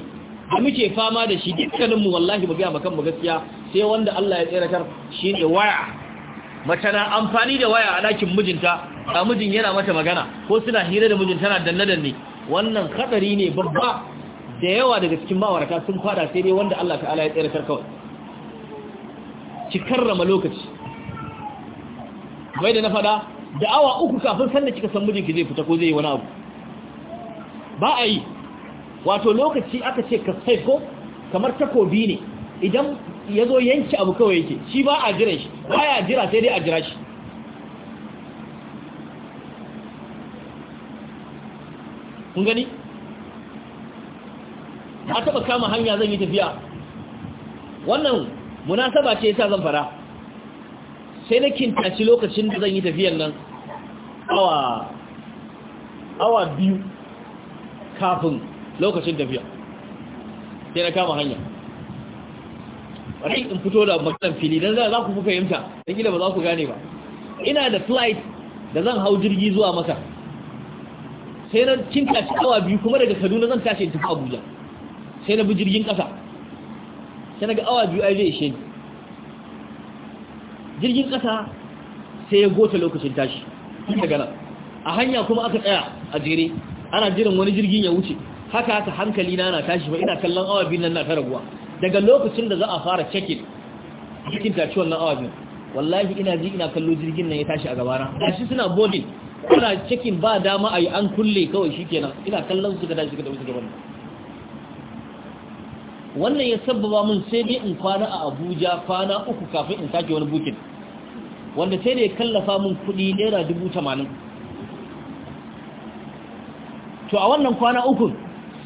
da muke fama da shi dukkaninmu wallahi mu gaya makan mu gaskiya sai wanda Allah ya tseratar shi ne waya mace na amfani da waya a dakin mijinta a mijin yana mata magana ko suna hira da mijinta tana danne-danne wannan haɗari ne babba da yawa daga cikin mawarata sun fada sai dai wanda Allah ta'ala ya tsere kawai ki karrama lokaci bai da na fada da awa uku kafin sanda kika san mijinki zai fita ko zai yi wani abu ba a yi wato lokaci aka ce ka sai ko kamar takobi ne idan ya zo yanki abu kawai yake shi ba a jira shi ba ya jira sai dai a jira shi kun gani? a taɓa kama hanya zan yi tafiya wannan munasaba ce yasa zan fara sai na kintaci lokacin da zan yi tafiyan nan awa awa biyu kafin lokacin tafiya sai na kama hanya wani in fito da maganar fili don za ku fi fahimta don gida ba za ku gane ba ina da flight da zan hau jirgi zuwa maka sai na cin tashi awa biyu kuma daga kaduna zan tashi in tafi abuja sai na bi jirgin kasa sai na ga awa biyu ai zai ishe ni jirgin kasa sai ya gota lokacin tashi daga nan a hanya kuma aka tsaya a jere ana jiran wani jirgin ya wuce haka haka hankali na na tashi ba ina kallon awa biyu nan na ta raguwa daga lokacin da za a fara cekin cikin tashi nan awa biyu wallahi ina ji ina kallo jirgin nan ya tashi a gabana shi suna bodi kuna cekin ba dama a yi an kulle kawai shi kenan ina kallon su gada shi gada wasu gaban wannan ya sababa mun sai dai in kwana a abuja kwana uku kafin in sake wani bukin wanda sai da ya kallafa mun kudi naira dubu tamanin to a wannan kwana uku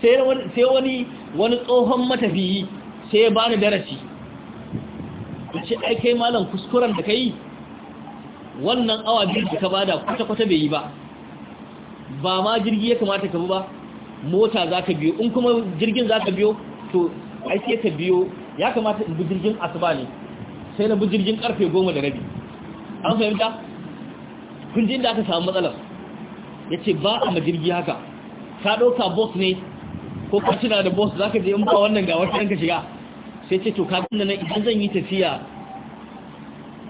sai wani wani tsohon matafiyi sai ya bani darasi ku ce ai kai malam kuskuren da ka yi wannan awa biyu da ka bada kwata-kwata bai yi ba ba ma jirgi ya kamata ka bi ba mota za ka biyo in kuma jirgin za ka biyo to ai sai ka biyo ya kamata in bi jirgin asuba ne sai na bi jirgin karfe goma da rabi an fahimta kun ji da aka samu matsalar ya ce ba a majirgi haka ka ɗauka bos ne ko ka da bos za ka je in ba wannan ga wata ka shiga sai ce to kafin nan idan zan yi tafiya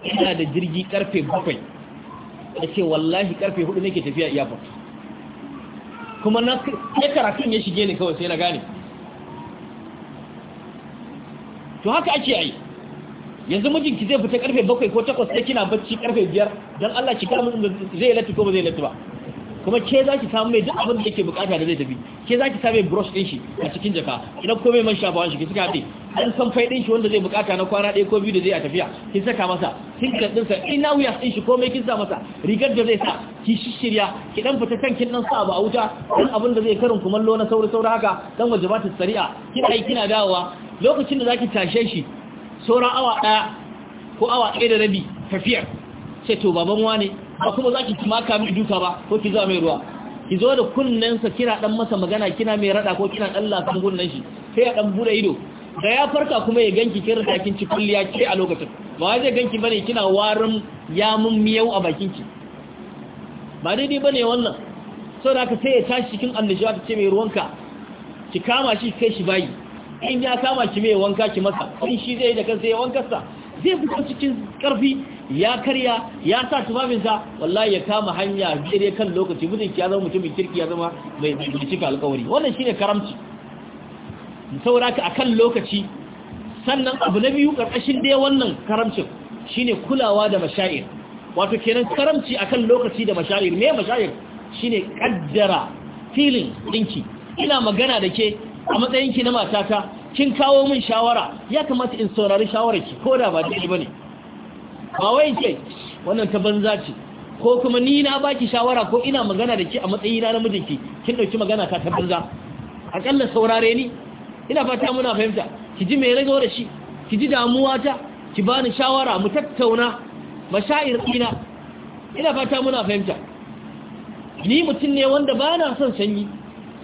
ina da jirgi karfe bakwai ya ce wallahi karfe hudu nake tafiya iyafar kuma na ya kan ya shige ni kawai sai na gane to haka ake yi yanzu mijinki zai fita karfe bakwai ko takwas sai kina bacci karfe biyar don Allah ki kama zai latu ko ba zai latu ba kuma ke za ki samu mai duk abin da yake bukata da zai tafi ke za ki samu brush din shi a cikin jaka idan komai man shafawan shi ki suka haɗe an san fai din shi wanda zai bukata na kwana ɗaya ko biyu da zai a tafiya kin saka masa tinkan din sa ina wuya din shi komai kin sa masa rigar da zai sa ki shishirya ki ɗan fita kan kin dan sa abu a wuta dan abin da zai karin kumallo na sauri sauri haka dan wajibatul sari'a kina yi kina dawowa lokacin da za ki tashe shi sauran awa ɗaya ko awa ɗaya da rabi tafiyar ce to baban wane ba kuma za ki kima min duka ba ko ki zuwa mai ruwa ki zo da kunnensa kina dan masa magana kina mai rada ko kina dan kan kunnen shi sai ya dan bude ido da ya farka kuma ya ganki kin rada kin ci kulliya ke a lokacin ba wai zai ganki bane kina warin mun miyau a bakin ki ba daidai bane wannan saboda ka sai ya tashi cikin annishawa ta ce mai ruwanka ki kama shi kai shi bayi in ya kama ki mai wanka ki masa in shi zai da kansa ya wankarsa zai fito cikin karfi ya karya ya sa tubabinsa wallahi ya kama hanya dare kan lokaci mutum ya zama mutumin kirki ya zama mai cika alkawari wannan shine karamci saboda ka akan lokaci sannan abu na biyu karkashin dai wannan karamcin shine kulawa da mashayir wato kenan karamci akan lokaci da mashayir me mashayir shine kaddara feeling dinki ina magana da ke a matsayinki na matata kin kawo min shawara ya kamata in saurari shawararki ko da ba daidai bane ba wai ke wannan ta banza ce ko kuma ni na baki shawara ko ina magana da ki a matsayi na ki kin dauki magana ka ta banza A kallan saurare ni ina fata muna fahimta ki ji me rage da shi ki ji damuwa ta ki bani shawara mu tattauna mashair ina ina fata muna fahimta ni mutum ne wanda ba na son sanyi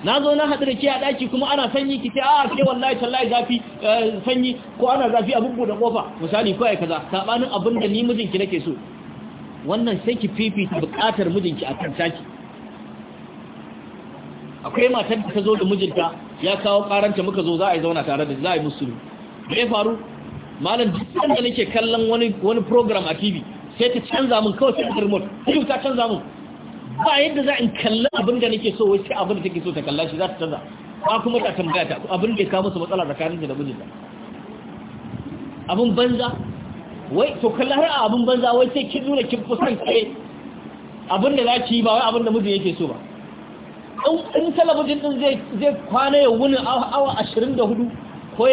na zo na haɗu da ke a ɗaki kuma ana sanyi ki ce a ah, ke wallahi tallahi zafi eh, sanyi ko ana zafi a bubbu da ƙofa misali ko ya kaza sabanin abin da ni mijinki nake so wannan sai ki fifita buƙatar mijinki a kan taki akwai matar da ta zo da mijinta ya kawo karanta muka zo za a yi zauna tare da za a yi musulmi me ya faru malam dukkan da nake kallon wani program a TV sai ta canza min kawai sai ta remote ta canza min ba yadda za in kalli abin da nake so wacce abin da take so ta kalla shi za ta canza ba kuma ta tambaya ta abin da ya kawo musu matsala tsakanin da mijinta abin banza wai to kalla har abin banza wai sai kin nuna kin kusan kai abin da za ki yi ba wai abin da mijin yake so ba in talabijin din zai zai kwana ya wuni awa 24 ko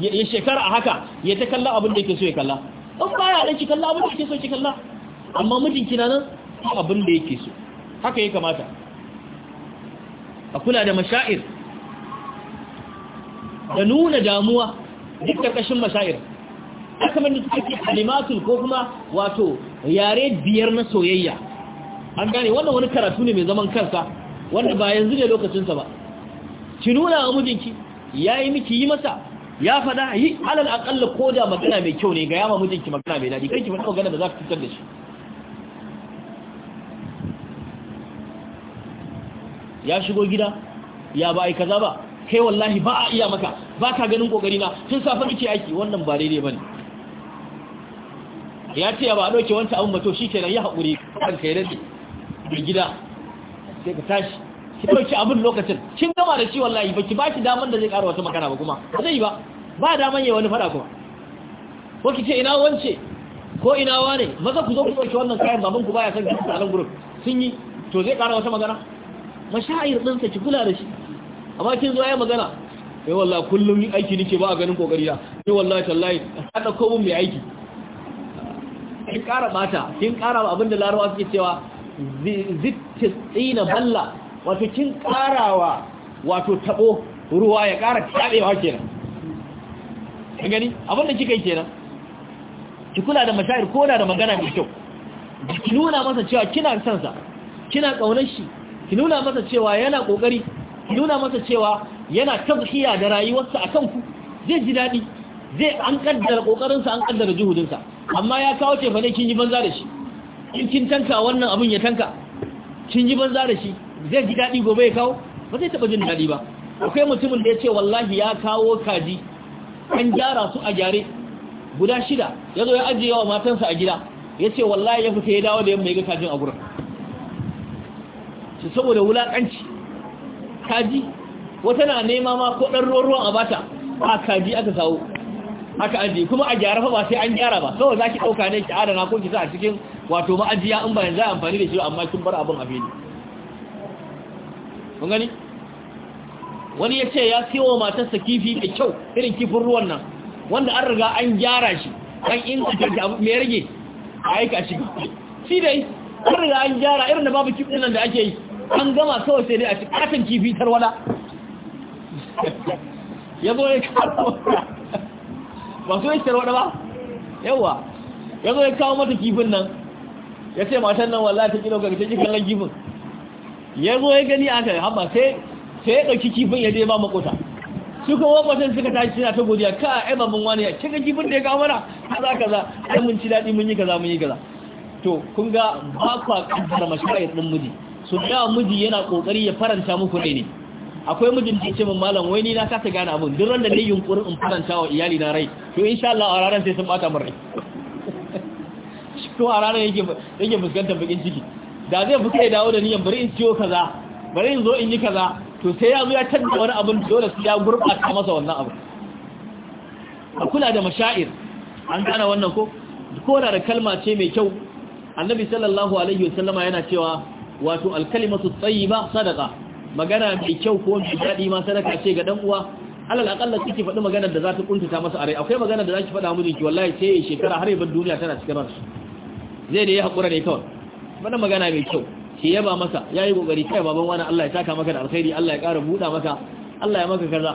ya shekara a haka ya ta kalla abin da yake so ya kalla in baya ya da ki kalla abin da yake so ki kalla amma mijin kina nan abin da yake so haka ya kamata a kula da mashair da nuna damuwa duk da kashin mashair aka mani suke halimatu ko kuma wato yare biyar na soyayya an gane wannan wani karatu ne mai zaman kansa wanda ba yanzu ne lokacinsa ba ki nuna wa mijinki ya yi miki yi masa ya faɗa yi alal akalla ko da magana mai kyau ne ga yama mijinki magana mai daɗi kai ki faɗa magana da za ka fitar da shi ya shigo gida ya ba aika kaza ba kai wallahi ba a iya maka ba ka ganin kokari na tun safa nake aiki wannan ba daidai bane ya ce ba a dauke wancan abun ba to shikenan ya hakuri kan kai rade gida sai ka tashi ki dauki abin lokacin kin gama da shi wallahi ba ki baki daman da zai ƙara wata magana ba kuma ba zai ba ba daman yayi wani fada kuma ko ki ce ina wance ko ina wane maza ku zo ku ɗauki wannan kayan baban ku baya san ki a nan sun yi to zai ƙara wata magana mashayir ɗinsa ki kula da shi amma kin zo ya magana eh wallahi kullum ni aiki nake ba ganin kokari na eh wallahi tallahi hada ko mun mai aiki kin ƙara bata kin ƙara abin da larawa suke cewa zittisina balla wato kin ƙarawa wato tabo ruwa ya ƙara tabewa kenan kin gani abin da kika yi kenan ki kula da mashayir ko da magana mai kyau ki nuna masa cewa kina son sa kina kaunar shi ki nuna masa cewa yana kokari ki nuna masa cewa yana tazkiya da rayuwarsa akan ku zai ji dadi zai an kaddara kokarinsa an kaddara juhudinsa amma ya kawo ce fa kin yi banza da shi in kin tanka wannan abin ya tanka kin yi banza da shi zai ji daɗi gobe ya kawo ba zai taba jin daɗi ba akwai mutumin da ya ce wallahi ya kawo kaji an gyara su a gyare guda shida ya zo ya ajiye wa matansa a gida ya ce wallahi ya fita ya dawo da yamma ya ga kajin a gurin su saboda wulakanci kaji wata na nema ma ko ɗan ruwan a bata ba kaji aka sawo aka aji kuma a gyara fa ba sai an gyara ba kawai za ki ɗauka ne ki adana ko ki sa a cikin wato ma'ajiya in yanzu za a amfani da shi amma kin bar abin a fili kun gani wani ya ce ya siyo matarsa kifi mai kyau irin kifin ruwan nan wanda an riga an gyara shi an inganta shi abu mai rage a aika shi shi dai an riga an gyara irin da babu kifin nan da ake yi an gama kawai sai dai a ci katon kifi tarwada ya zo ya kawo ba su yi tarwada ba yawa ya zo ya kawo mata kifin nan ya ce matan nan wala ta kilo ta ji kallon kifin ya zo ya gani aka hama sai sai ya ɗauki kifin ya je ba makota su kuma wakwatan suka tashi suna ta godiya ka a yi babban wani ya cika kifin da ya kawo mana kaza kaza ai mun ci daɗi mun yi kaza mun yi kaza to kun ga ba kwa kaddara mashaƙa'ir ɗin miji su da miji yana kokari ya faranta muku ne ne. akwai mijin da ce min malam wai ni na sake gane abun duk ran da ni yunkurin in faranta wa iyali na rai to insha Allah a ranar sai sun bata min rai to (laughs) a ranar yake yake fuskantar bakin ciki da zai fuka ya dawo da niyan bari in ciyo kaza bari in zo in yi kaza to sai ya zo ya canza wani abun dole sai ya gurbata masa wannan abu a kula da mashair an gane wannan ko ko da kalma ce mai kyau annabi sallallahu alaihi wasallama yana cewa wato alkalimatu tayyiba sadaka magana mai kyau ko mai daɗi ma sadaka ce ga dan uwa alal aqalla suke faɗi magana da za ta kuntuta masa a rai akwai magana da ki faɗa mijinki wallahi sai shekara har yaban duniya tana cikin ransa zai da ya hakura ne kawai wannan magana mai kyau ki yaba masa yayi kokari kai baban wani Allah ya taka maka da alkhairi Allah ya ƙara buɗa maka Allah ya maka kaza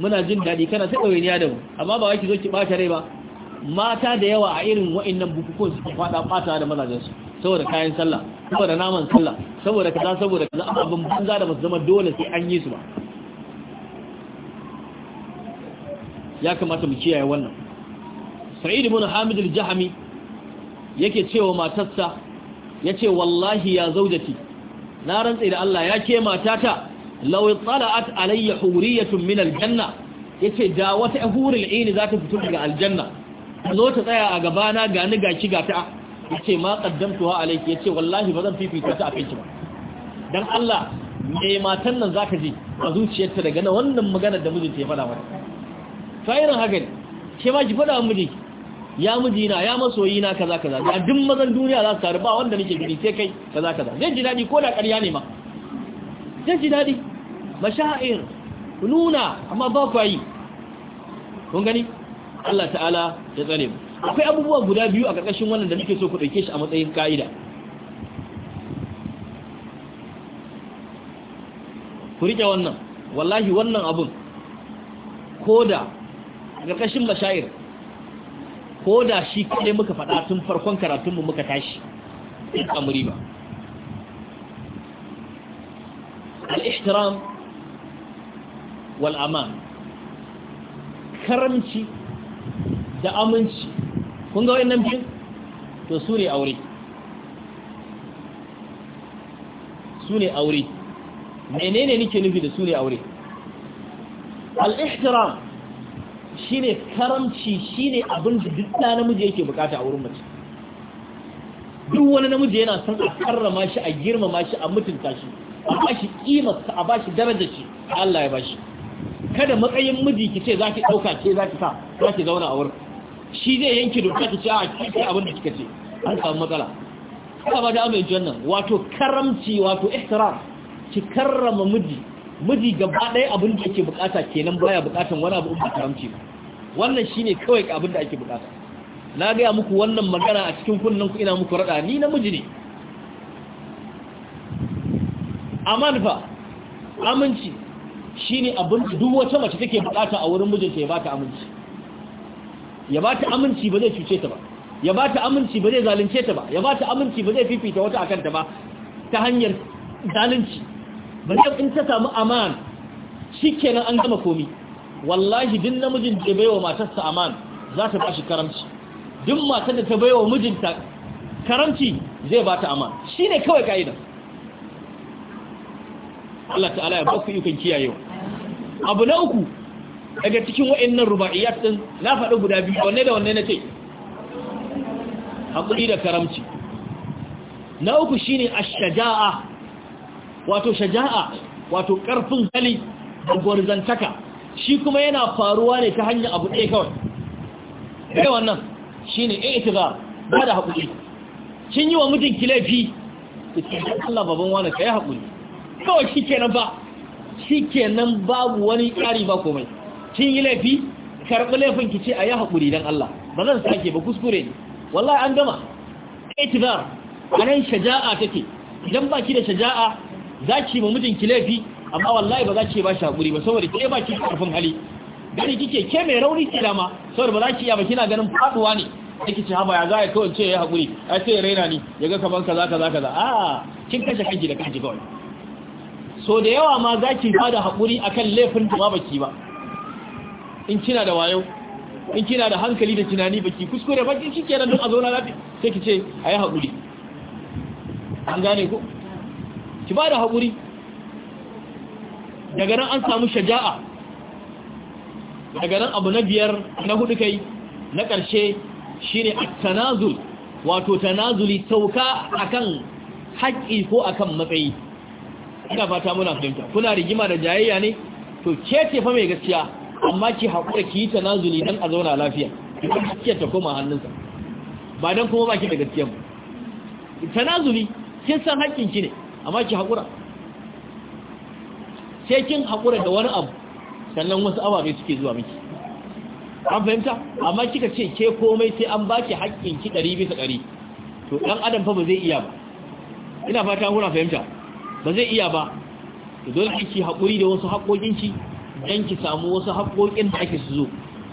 muna jin daɗi kana ta dawainiya da mu amma ba wai ki zo ki bata rai ba mata da yawa a irin wa'annan bukukuwan suka fada bata da mazajensu saboda kayan sallah saboda naman sallah saboda kaza saboda kaza abin banza da masu zama dole sai an yi su ba ya kamata mu kiyaye wannan sa'id ibn hamid al-jahmi yake cewa matarsa yace wallahi ya zaujati na rantsa da Allah ya ke matata law tala'at alayya huriyatun min al-janna yace da wata hurul ini za ta fito daga aljanna zo ta tsaya a gabana ga ni ga ki ga ta yace ma alaiki ya ce wallahi ba zan fifita ta a ki ba dan Allah me matan nan zaka ji a zuciyarta daga na wannan magana da mijinta ya faɗa mata fa'irin haka ne ke ma ki fada miji ya mijina ya masoyi na kaza kaza da duk mazan duniya za su taru ba wanda nake gani sai kai kaza kaza zai ji daɗi ko da ƙarya ne ma zai ji dadi mashahir nuna amma ba ku kun gani Allah ta'ala ya tsare mu akwai abubuwa guda biyu a ƙarƙashin wannan da nake so ku ɗauke shi a matsayin ka'ida ku riƙe wannan wallahi wannan abun da a ƙarƙashin ko da shi kaɗai muka faɗa tun farkon karatunmu muka tashi in amuri ba al'ishtiram wal'aman karamci da aminci kun ga wayannan biyun to su ne aure su ne aure menene nike nufi da su ne aure al shi shine karamci shine abin da duk da namiji yake bukata a wurin mace duk wani namiji yana son a karrama shi a girmama shi a mutunta shi a bashi kimarsa a bashi daraja shi Allah ya bashi kada matsayin miji ki ce ki dauka ce ki sa ki zauna a wurin shi zai yanke doka ta ce a kike abin da kika ce an samu matsala kuma ba da amince wannan wato karamci wato ihtiram ki karrama miji miji gaba ɗaya abin da yake bukata kenan baya bukatan wani abu ba karamci ba wannan shine kawai abin da ake bukata na ga muku wannan magana a cikin kunnen ku ina muku rada ni namiji ne aman fa aminci shine abin da duk wata mace take bukata a wurin mijinta ya ta aminci ya ba ta aminci ba zai cuce ta ba ya ba ta aminci ba zai zalunce ta ba ya ba ta aminci ba zai fifita wata akan ta ba ta hanyar zalunci ba zai in ta samu aman kenan an gama komi wallahi din namijin da baiwa matarsa aman za ta bashi karamci duk matar da ta baiwa mijinta karamci zai ba ta aman shine kawai kaida Allah ta'ala ya ba ku ikon kiyayewa abu na uku daga cikin wa'annan ruba'iyat din na faɗi guda biyu wanne da wanne na ce haƙuri da karamci na uku shine ash-shaja'a wato shaja'a wato ƙarfin hali da gwarzantaka shi kuma yana faruwa ne ta hanyar abu ɗaya kawai ɗaya wannan shine i'tibar ba da haƙuri kin yi wa ki laifi Allah baban wani ka yi haƙuri kawai shi ba shi kenan babu wani ƙari ba komai kin yi laifi karɓi laifin ki ce a yi haƙuri don Allah ba zan sake ba kuskure ne wallahi an gama itidar a nan shaja'a take idan ba ki da shaja'a za ki ma mijinki laifi amma wallahi ba za ki ba shi haƙuri ba saboda ke ba ki ƙarfin hali gani kike ke mai rauni ke dama saboda ba za ki iya ba kina ganin faɗuwa ne take ce haba ya za ya kawai ce ya haƙuri ai sai ya raina ni ya ga kaman kaza kaza kaza a kin kashe kanki da kanki kawai so da yawa ma za ki da haƙuri akan laifin da ba baki ba in kina da wayo in kina da hankali da tunani baki kuskure baki nan don a zauna lafiya sai ki ce ayi haƙuri an gane ko ki bada hakuri. haƙuri daga nan an samu shaja'a daga nan abu na biyar na hudu kai na ƙarshe shine at-tanazul wato tanazuli sauka akan haƙƙi ko akan matsayi ina fata muna fahimta kuna rigima da jayayya ne to ke ce fa mai gaskiya amma ki haƙura ki yi tanazuli dan a zauna lafiya gaskiyar ta koma hannunsa ba dan kuma baki da gaskiya ba tanazuli kin san haƙƙin ki ne amma ki haƙura sai kin haƙura da wani abu sannan wasu ababe suke zuwa miki an fahimta amma kika ce ke komai sai an baki haƙƙin ki ɗari bisa ɗari to ɗan adam fa ba zai iya ba ina fata kuna fahimta ba zai iya ba to dole ki haƙuri da wasu haƙoƙinki ɗan ki samu wasu haƙoƙin da ake su zo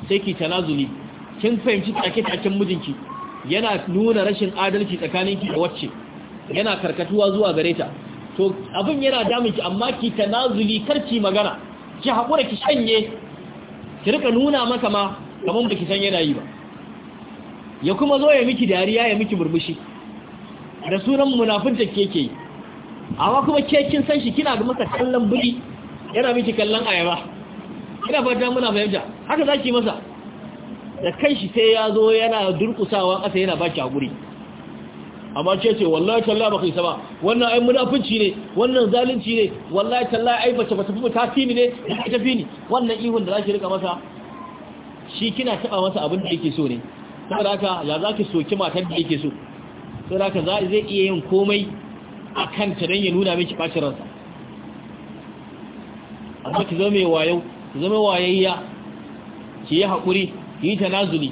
sai ki tanazuli kin fahimci take taken mijinki yana nuna rashin adalci tsakanin ki da wacce yana karkatuwa zuwa gare ta to abin yana damun ki, amma ki tanazuli ki magana ki haƙura ki shanye ki rika nuna maka ma kamar ki san yana yi ba ya kuma zo ya miki dariya ya miki murmushi da sunan munafinta keke yi amma kuma ke kin san shi kina ga masa kallon buri yana miki kallon ayaba ina fata muna fahimta haka zaki masa da shi sai ya zo yana durkusawa ƙasa yana baki guri amma ce ce wallahi talla ba kai wannan ai munafunci ne wannan zalunci ne wallahi talla ai bace bace tafi ta fini ne ta tafi ni wannan ihun da zaki rika masa shi kina taba masa abin da yake so ne saboda haka ya zaki soki matar da yake so saboda haka za zai iya yin komai a ta dan ya nuna miki bacin ransa amma ki zo mai wayo ki zama wayayya ki yi haƙuri ki yi tanazuli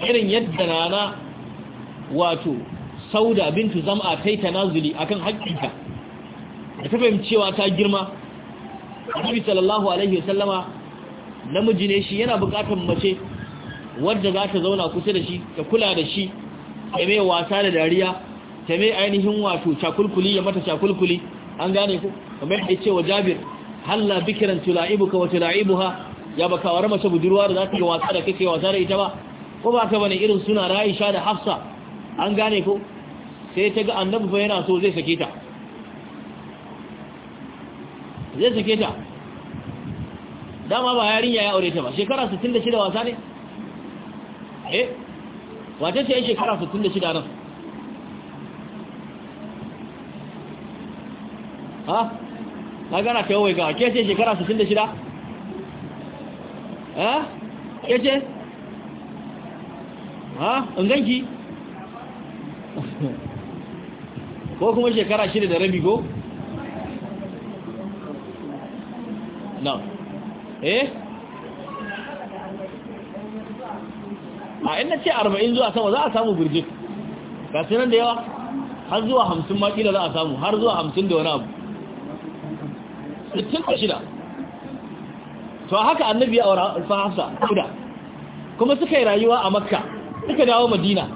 irin yadda nana wato sauda bintu zam'a ta yi tanazuli akan haƙƙinta da ta fahimcewa ta girma Annabi sallallahu alaihi wasallama namiji ne shi yana buƙatar mace wadda za ta zauna kusa da shi ta kula da shi ta mai wasa da dariya ta mai ainihin wato cakulkuli ya mata cakulkuli an gane ku kamar da ya ce wa Jabir halla bikiran tula'ibuka wa tula'ibuha ya baka war mace budurwa da zaka yi wasa da kake wasa da ita ba ko ba ka bane irin suna Ra'isha da Hafsa an gane ko sai ta ga annabi fa yana so zai sake ta zai sake ta dama ba yarinya ya aure ta ba shekara 66 wasa ne eh wata ce shekara 66 nan ha magana ka ta yawai gawa ke ce shekara 66 eh ke ce ha in ganki (laughs) ko kuma shekara shida da rabi ko no eh a ina ce 40 zuwa sama za a samu birjik ga sinan da yawa har zuwa 50 makila za a samu har zuwa 50 da wani abu 66 to haka annabi ya aura hafsa guda kuma suka yi rayuwa a makka suka dawo madina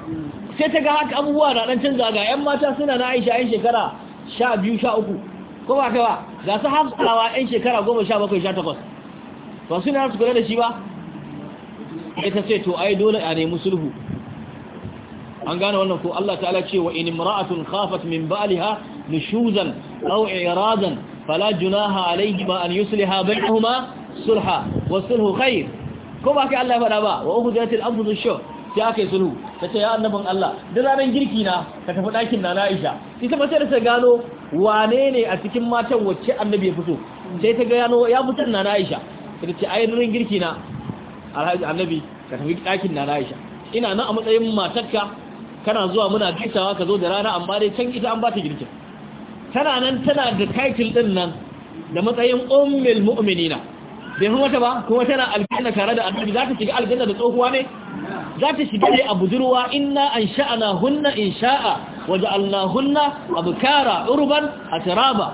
sai ta ga haka abubuwa na dan canza ga yan mata suna na aisha yan shekara 12 13 ko ba ba ga su hafsawa yan shekara 17 18 ba suna su kula da shi ba sai ta ce to ai dole a nemi sulhu an gane wannan ko Allah ta'ala ce wa in imra'atun khafat min ba'liha nushuzan aw i'radan fala junaha alaihima an yusliha bainahuma sulha wasulhu khair ko ba ka Allah ya faɗa ba wa uhdiyatil anfusush shuh sai aka yi sulhu ta ce ya annabin Allah da ranar girki na ka tafi ɗakin na Aisha ita mace da ta gano wanene a cikin matan wacce annabi ya fito sai ta gano ya fitar na Aisha ta ce ai girki na annabi ka tafi ɗakin na Aisha ina nan a matsayin matarka kana zuwa muna gaisawa ka zo da rana amma dai can ita an bata ta girkin tana nan tana da title din nan da matsayin ummul mu'minina bai kuma ta ba kuma tana aljanna tare da annabi za shiga aljanna da tsohuwa ne za ta shiga ne a budurwa inna an sha'ana hunna in sha'a wa ja'alna hunna abkara urban atraba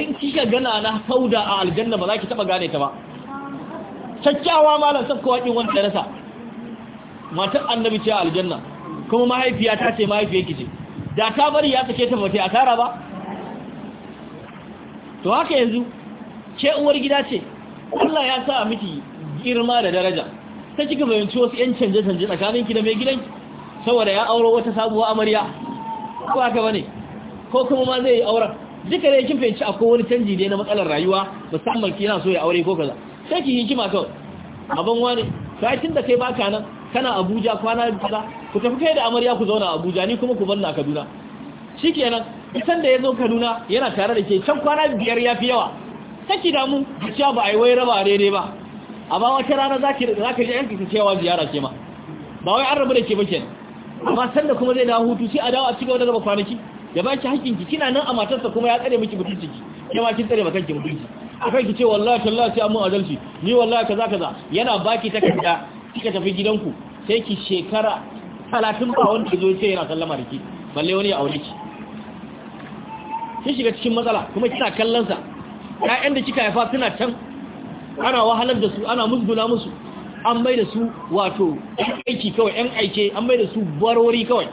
in kika gana na sauda a aljanna ba za ki taba gane ta ba sakkawa malam sakkawa din wanda rasa matar annabi ce a aljanna kuma mahaifiya ta ce mahaifiyar ki ce da ta bari ya sake ta bata a tara ba to haka yanzu ke uwar gida ce Allah ya sa miki girma da daraja sai kika fahimci wasu yan canje canje tsakanin ki da mai gidan saboda ya auro wata sabuwa amarya ko haka bane ko kuma ma zai yi auren duka dai kin fahimci akwai wani canji ne na matsalar rayuwa musamman kina so ya aure ko kaza sai ki hikima kawai abin wani sai tun da kai baka nan kana Abuja kwana kaza ku tafi kai da amarya ku zauna Abuja ni kuma ku bar na Kaduna shikenan isan da ya zo kaduna yana tare da ke can kwana biyar ya fi yawa kaki damu da ba a yi wai raba daidai ba A ba wata rana za ka ji yanki cewa ziyara ce ma ba wai an rabu da ke ba amma sanda kuma zai dawo hutu sai a dawo a cigaba da raba kwanaki ya ba ki hakkin ki kina nan a matarsa kuma ya tsare miki mutunci ki ke ma kin tsare ba kanki mutunci akan ki ce wallahi tallahi sai mun azalci ni wallahi kaza kaza yana baki takarda kika tafi gidanku sai ki shekara 30 ba wanda zo sai yana sallama da ki balle wani ya aure ki kin shiga cikin matsala kuma kina kallon sa ƴaƴan da kika haifa suna can ana wahalar da su ana musguna musu an mai da su wato aiki kawai ƴan aike an mai da su barori kawai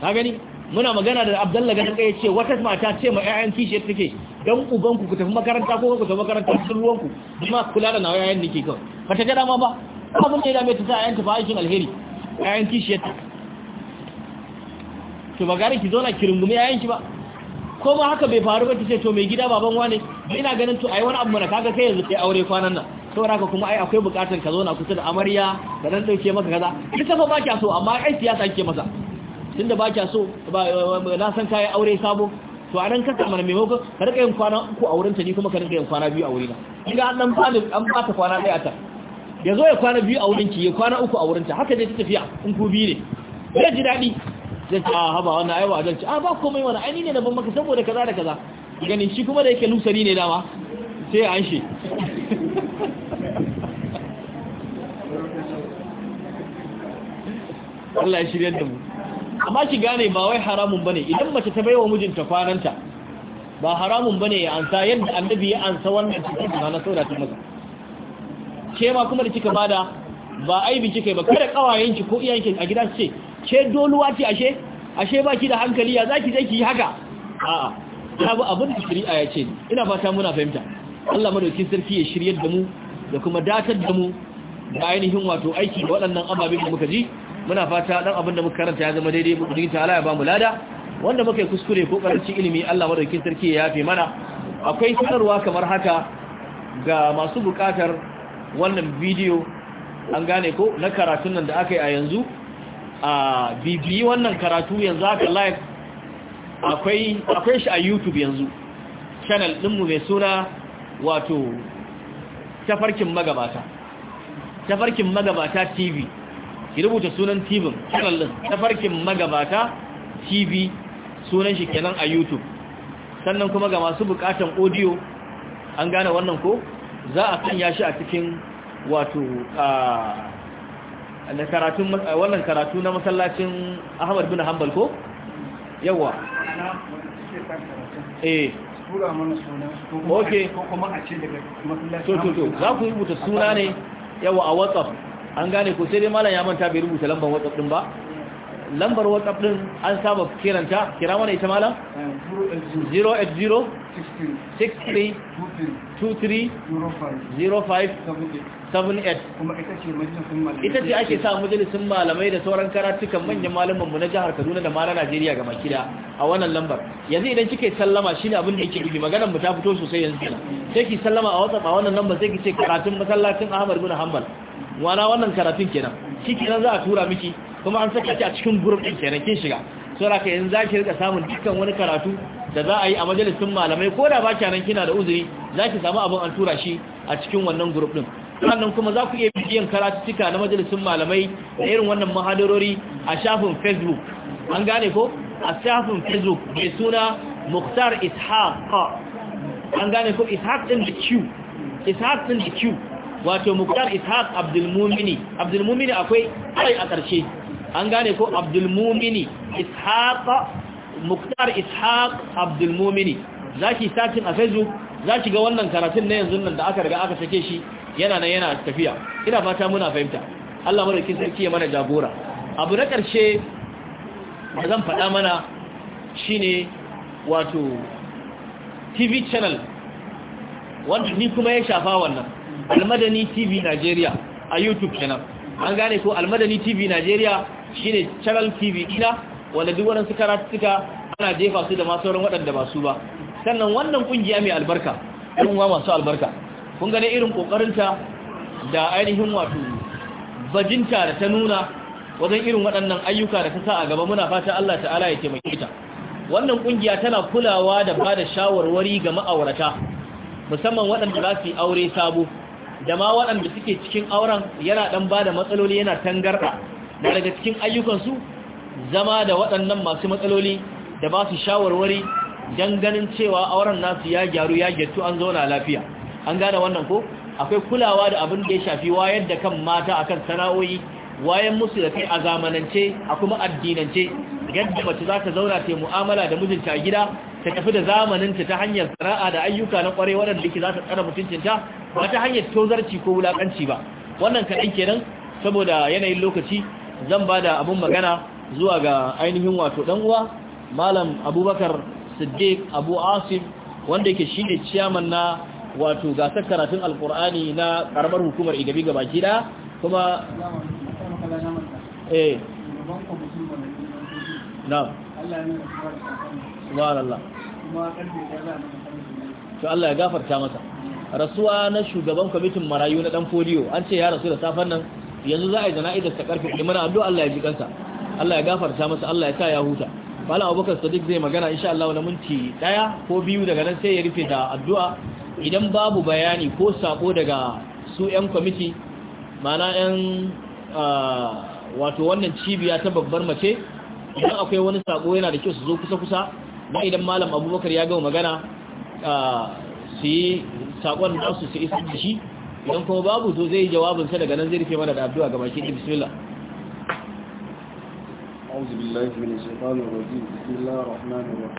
ka gani muna magana da Abdullahi ga kai ce wata mata ce ma ƴaƴan kishi take dan uban ku ku tafi makaranta ko ku tafi makaranta cikin ruwan ku kuma kula da nawa ƴaƴan nake kawai ba ta gada ma ba abin da ya dame ta ƴaƴan ta fa aikin alheri ƴaƴan kishi ta to ba ki zo na kirungumi ƴaƴan ki ba ko ba haka bai faru ba tace to mai gida baban wane ina ganin to ai wani abu mana kaga kai yanzu kai aure kwanan nan saboda haka kuma ai akwai bukatun ka zo na kusa da amarya da dan dauke maka kaza ita fa ba kya so amma ai siyasa kike masa tunda ba kya so na san kai aure sabo to a nan kasa mana maimako ka rika yin kwana uku a wurinta ni kuma ka rika yin kwana biyu a wurina ina an dan fani an bata kwana ɗaya ta ya zo ya kwana biyu a wurin ki ya kwana uku a wurinta haka dai ta tafiya in ku biyu ne zai ji daɗi zai ce a ah, haba wannan ai a zan a ah, ba komai wani aini ne na ban maka saboda kaza da kaza ganin shi kuma da yake lusari ne dama sai an shi Allah ya shirya da mu amma ki gane ba wai haramun bane idan mace ta baiwa mijinta kwananta ba haramun bane ya ansa yadda annabi ya ansa wannan cikin da na saura ta masa ke ma kuma da kika bada ba aibi kike ba kada kawayenki ko iyayenki a gidan ce ce doluwa ce ashe ashe baki da hankali ya zaki je ki haka a'a babu abin da shari'a ya ce ina fata muna fahimta Allah madaukakin sarki ya shiryar da mu da kuma datar da mu da ainihin wato aiki da waɗannan ababe da muka ji muna fata dan abin da muka karanta ya zama daidai mu dinta Allah ya ba mu lada wanda muka yi kuskure ko karanci ilimi Allah madaukakin sarki ya yafe mana akwai sanarwa kamar haka ga masu bukatar wannan bidiyo an gane ko na karatun nan da aka yi a yanzu a bibiyi wannan karatu yanzu haka live akwai shi a youtube yanzu channel ɗinmu mai suna wato tafarkin magabata tafarkin magabata tv ki rubuta sunan tv channel ɗin tafarkin magabata tv sunan shi kenan a youtube sannan kuma ga masu bukatan audio an gane wannan ko za a kan yashi a cikin wato da karatun wannan karatu na masallacin Ahmad bin Hanbal ko yawa eh sura mana sunan su ko kuma a ce daga masallacin to to za ku rubuta suna ne yawa a WhatsApp an gane ko sai dai malam ya manta bai rubuta lambar WhatsApp din ba lambar whatsapp din an saba kiranta kira mana ita malam 080 05 ita ce ake samu majalisun malamai da sauran karatukan manyan malamanmu na jihar kaduna da mara najeriya ga makida a wannan lambar yanzu idan kike sallama shi ne abin da yake rubi maganar mu ta fito sosai yanzu kenan sai ki sallama a whatsapp a wannan lambar sai ki ce karatun masallacin ahmad bin hanbal wana wannan karatun kenan shi nan za a tura miki kuma an saka shi a cikin group din kenan kin shiga saboda ka yanzu zaki rika samun dukkan wani karatu da za a yi a majalisun malamai ko da ba nan kina da uzuri zaki samu abin an tura shi a cikin wannan group din sannan kuma za ku iya bidiyon karatuttuka na majalisun malamai da irin wannan mahadarori a shafin facebook an gane ko a shafin facebook mai suna muktar ishaq an gane ko ishaq din da q ishaq din da q wato muktar ishaq abdulmumini abdulmumini akwai ai a ƙarshe an gane ko abdulmumini ishaqa muktar ishaq abdulmumini za ki satin a facebook zaki ga wannan karatun na yanzu nan da aka riga aka sake shi yana nan yana tafiya ina fata muna fahimta Allah madaukin sarki ya mana jagora abu na karshe da zan faɗa mana shine wato TV channel wanda ni kuma ya shafa wannan Almadani TV Nigeria a YouTube channel an gane ko Almadani TV Nigeria shine channel tv ina wanda duk waɗansu karatuka ana jefa su da masu wurin waɗanda ba su ba sannan wannan kungiya mai albarka irin wa masu albarka kun gane irin kokarinta da ainihin wato bajinta da ta nuna wajen irin waɗannan ayyuka da ta sa a gaba muna fata Allah ta'ala ya taimake ta wannan ƙungiya tana kulawa da ba da shawarwari ga ma'aurata musamman waɗanda za su yi aure sabo da ma waɗanda suke cikin auren yana ɗan ba da matsaloli yana tangarɗa na daga cikin ayyukansu zama da waɗannan masu matsaloli da ba su shawarwari don ganin cewa auren nasu ya gyaru ya gyattu an zauna lafiya an gane wannan ko akwai kulawa da abin da ya shafi wayar da kan mata akan sana'o'i wayan musu da kai a zamanance a kuma addinance yadda mace za ta zauna ta mu'amala da mijinta a gida ta tafi da zamaninta ta hanyar sana'a da ayyuka na kwarai waɗanda ke za ta tsara mutuncinta ba ta hanyar tozarci ko wulakanci ba wannan kaɗan kenan saboda yanayin lokaci zan ba da abin magana zuwa ga ainihin wato ɗan uwa malam abubakar siddiq abu Asif wanda shi ne ciyaman na wato gasar karatun alkur'ani na karamar hukumar igabi baki gida kuma eh. Allah Allah ya gafarta masa rasuwa na shugaban kwamitin marayu na ɗan foliyo an ce ya rasu da safan nan yanzu za a yi jana'izar ta karfe ɗaya mana addu'a Allah ya ji kansa Allah ya gafarta masa Allah ya sa ya huta bala Abubakar Sadiq zai magana insha Allah na minti ɗaya ko biyu daga nan sai ya rufe da addu'a idan babu bayani ko sako daga su 'yan kwamiti mana 'yan wato wannan cibiya ta babbar mace idan akwai wani sako yana da kyau su zo kusa-kusa na idan malam abubakar ya gama magana su yi sakon su su isa da shi idan kuma babu to zai yi jawabinsa daga nan zai rufe mana da addu'a ga bakin bismillah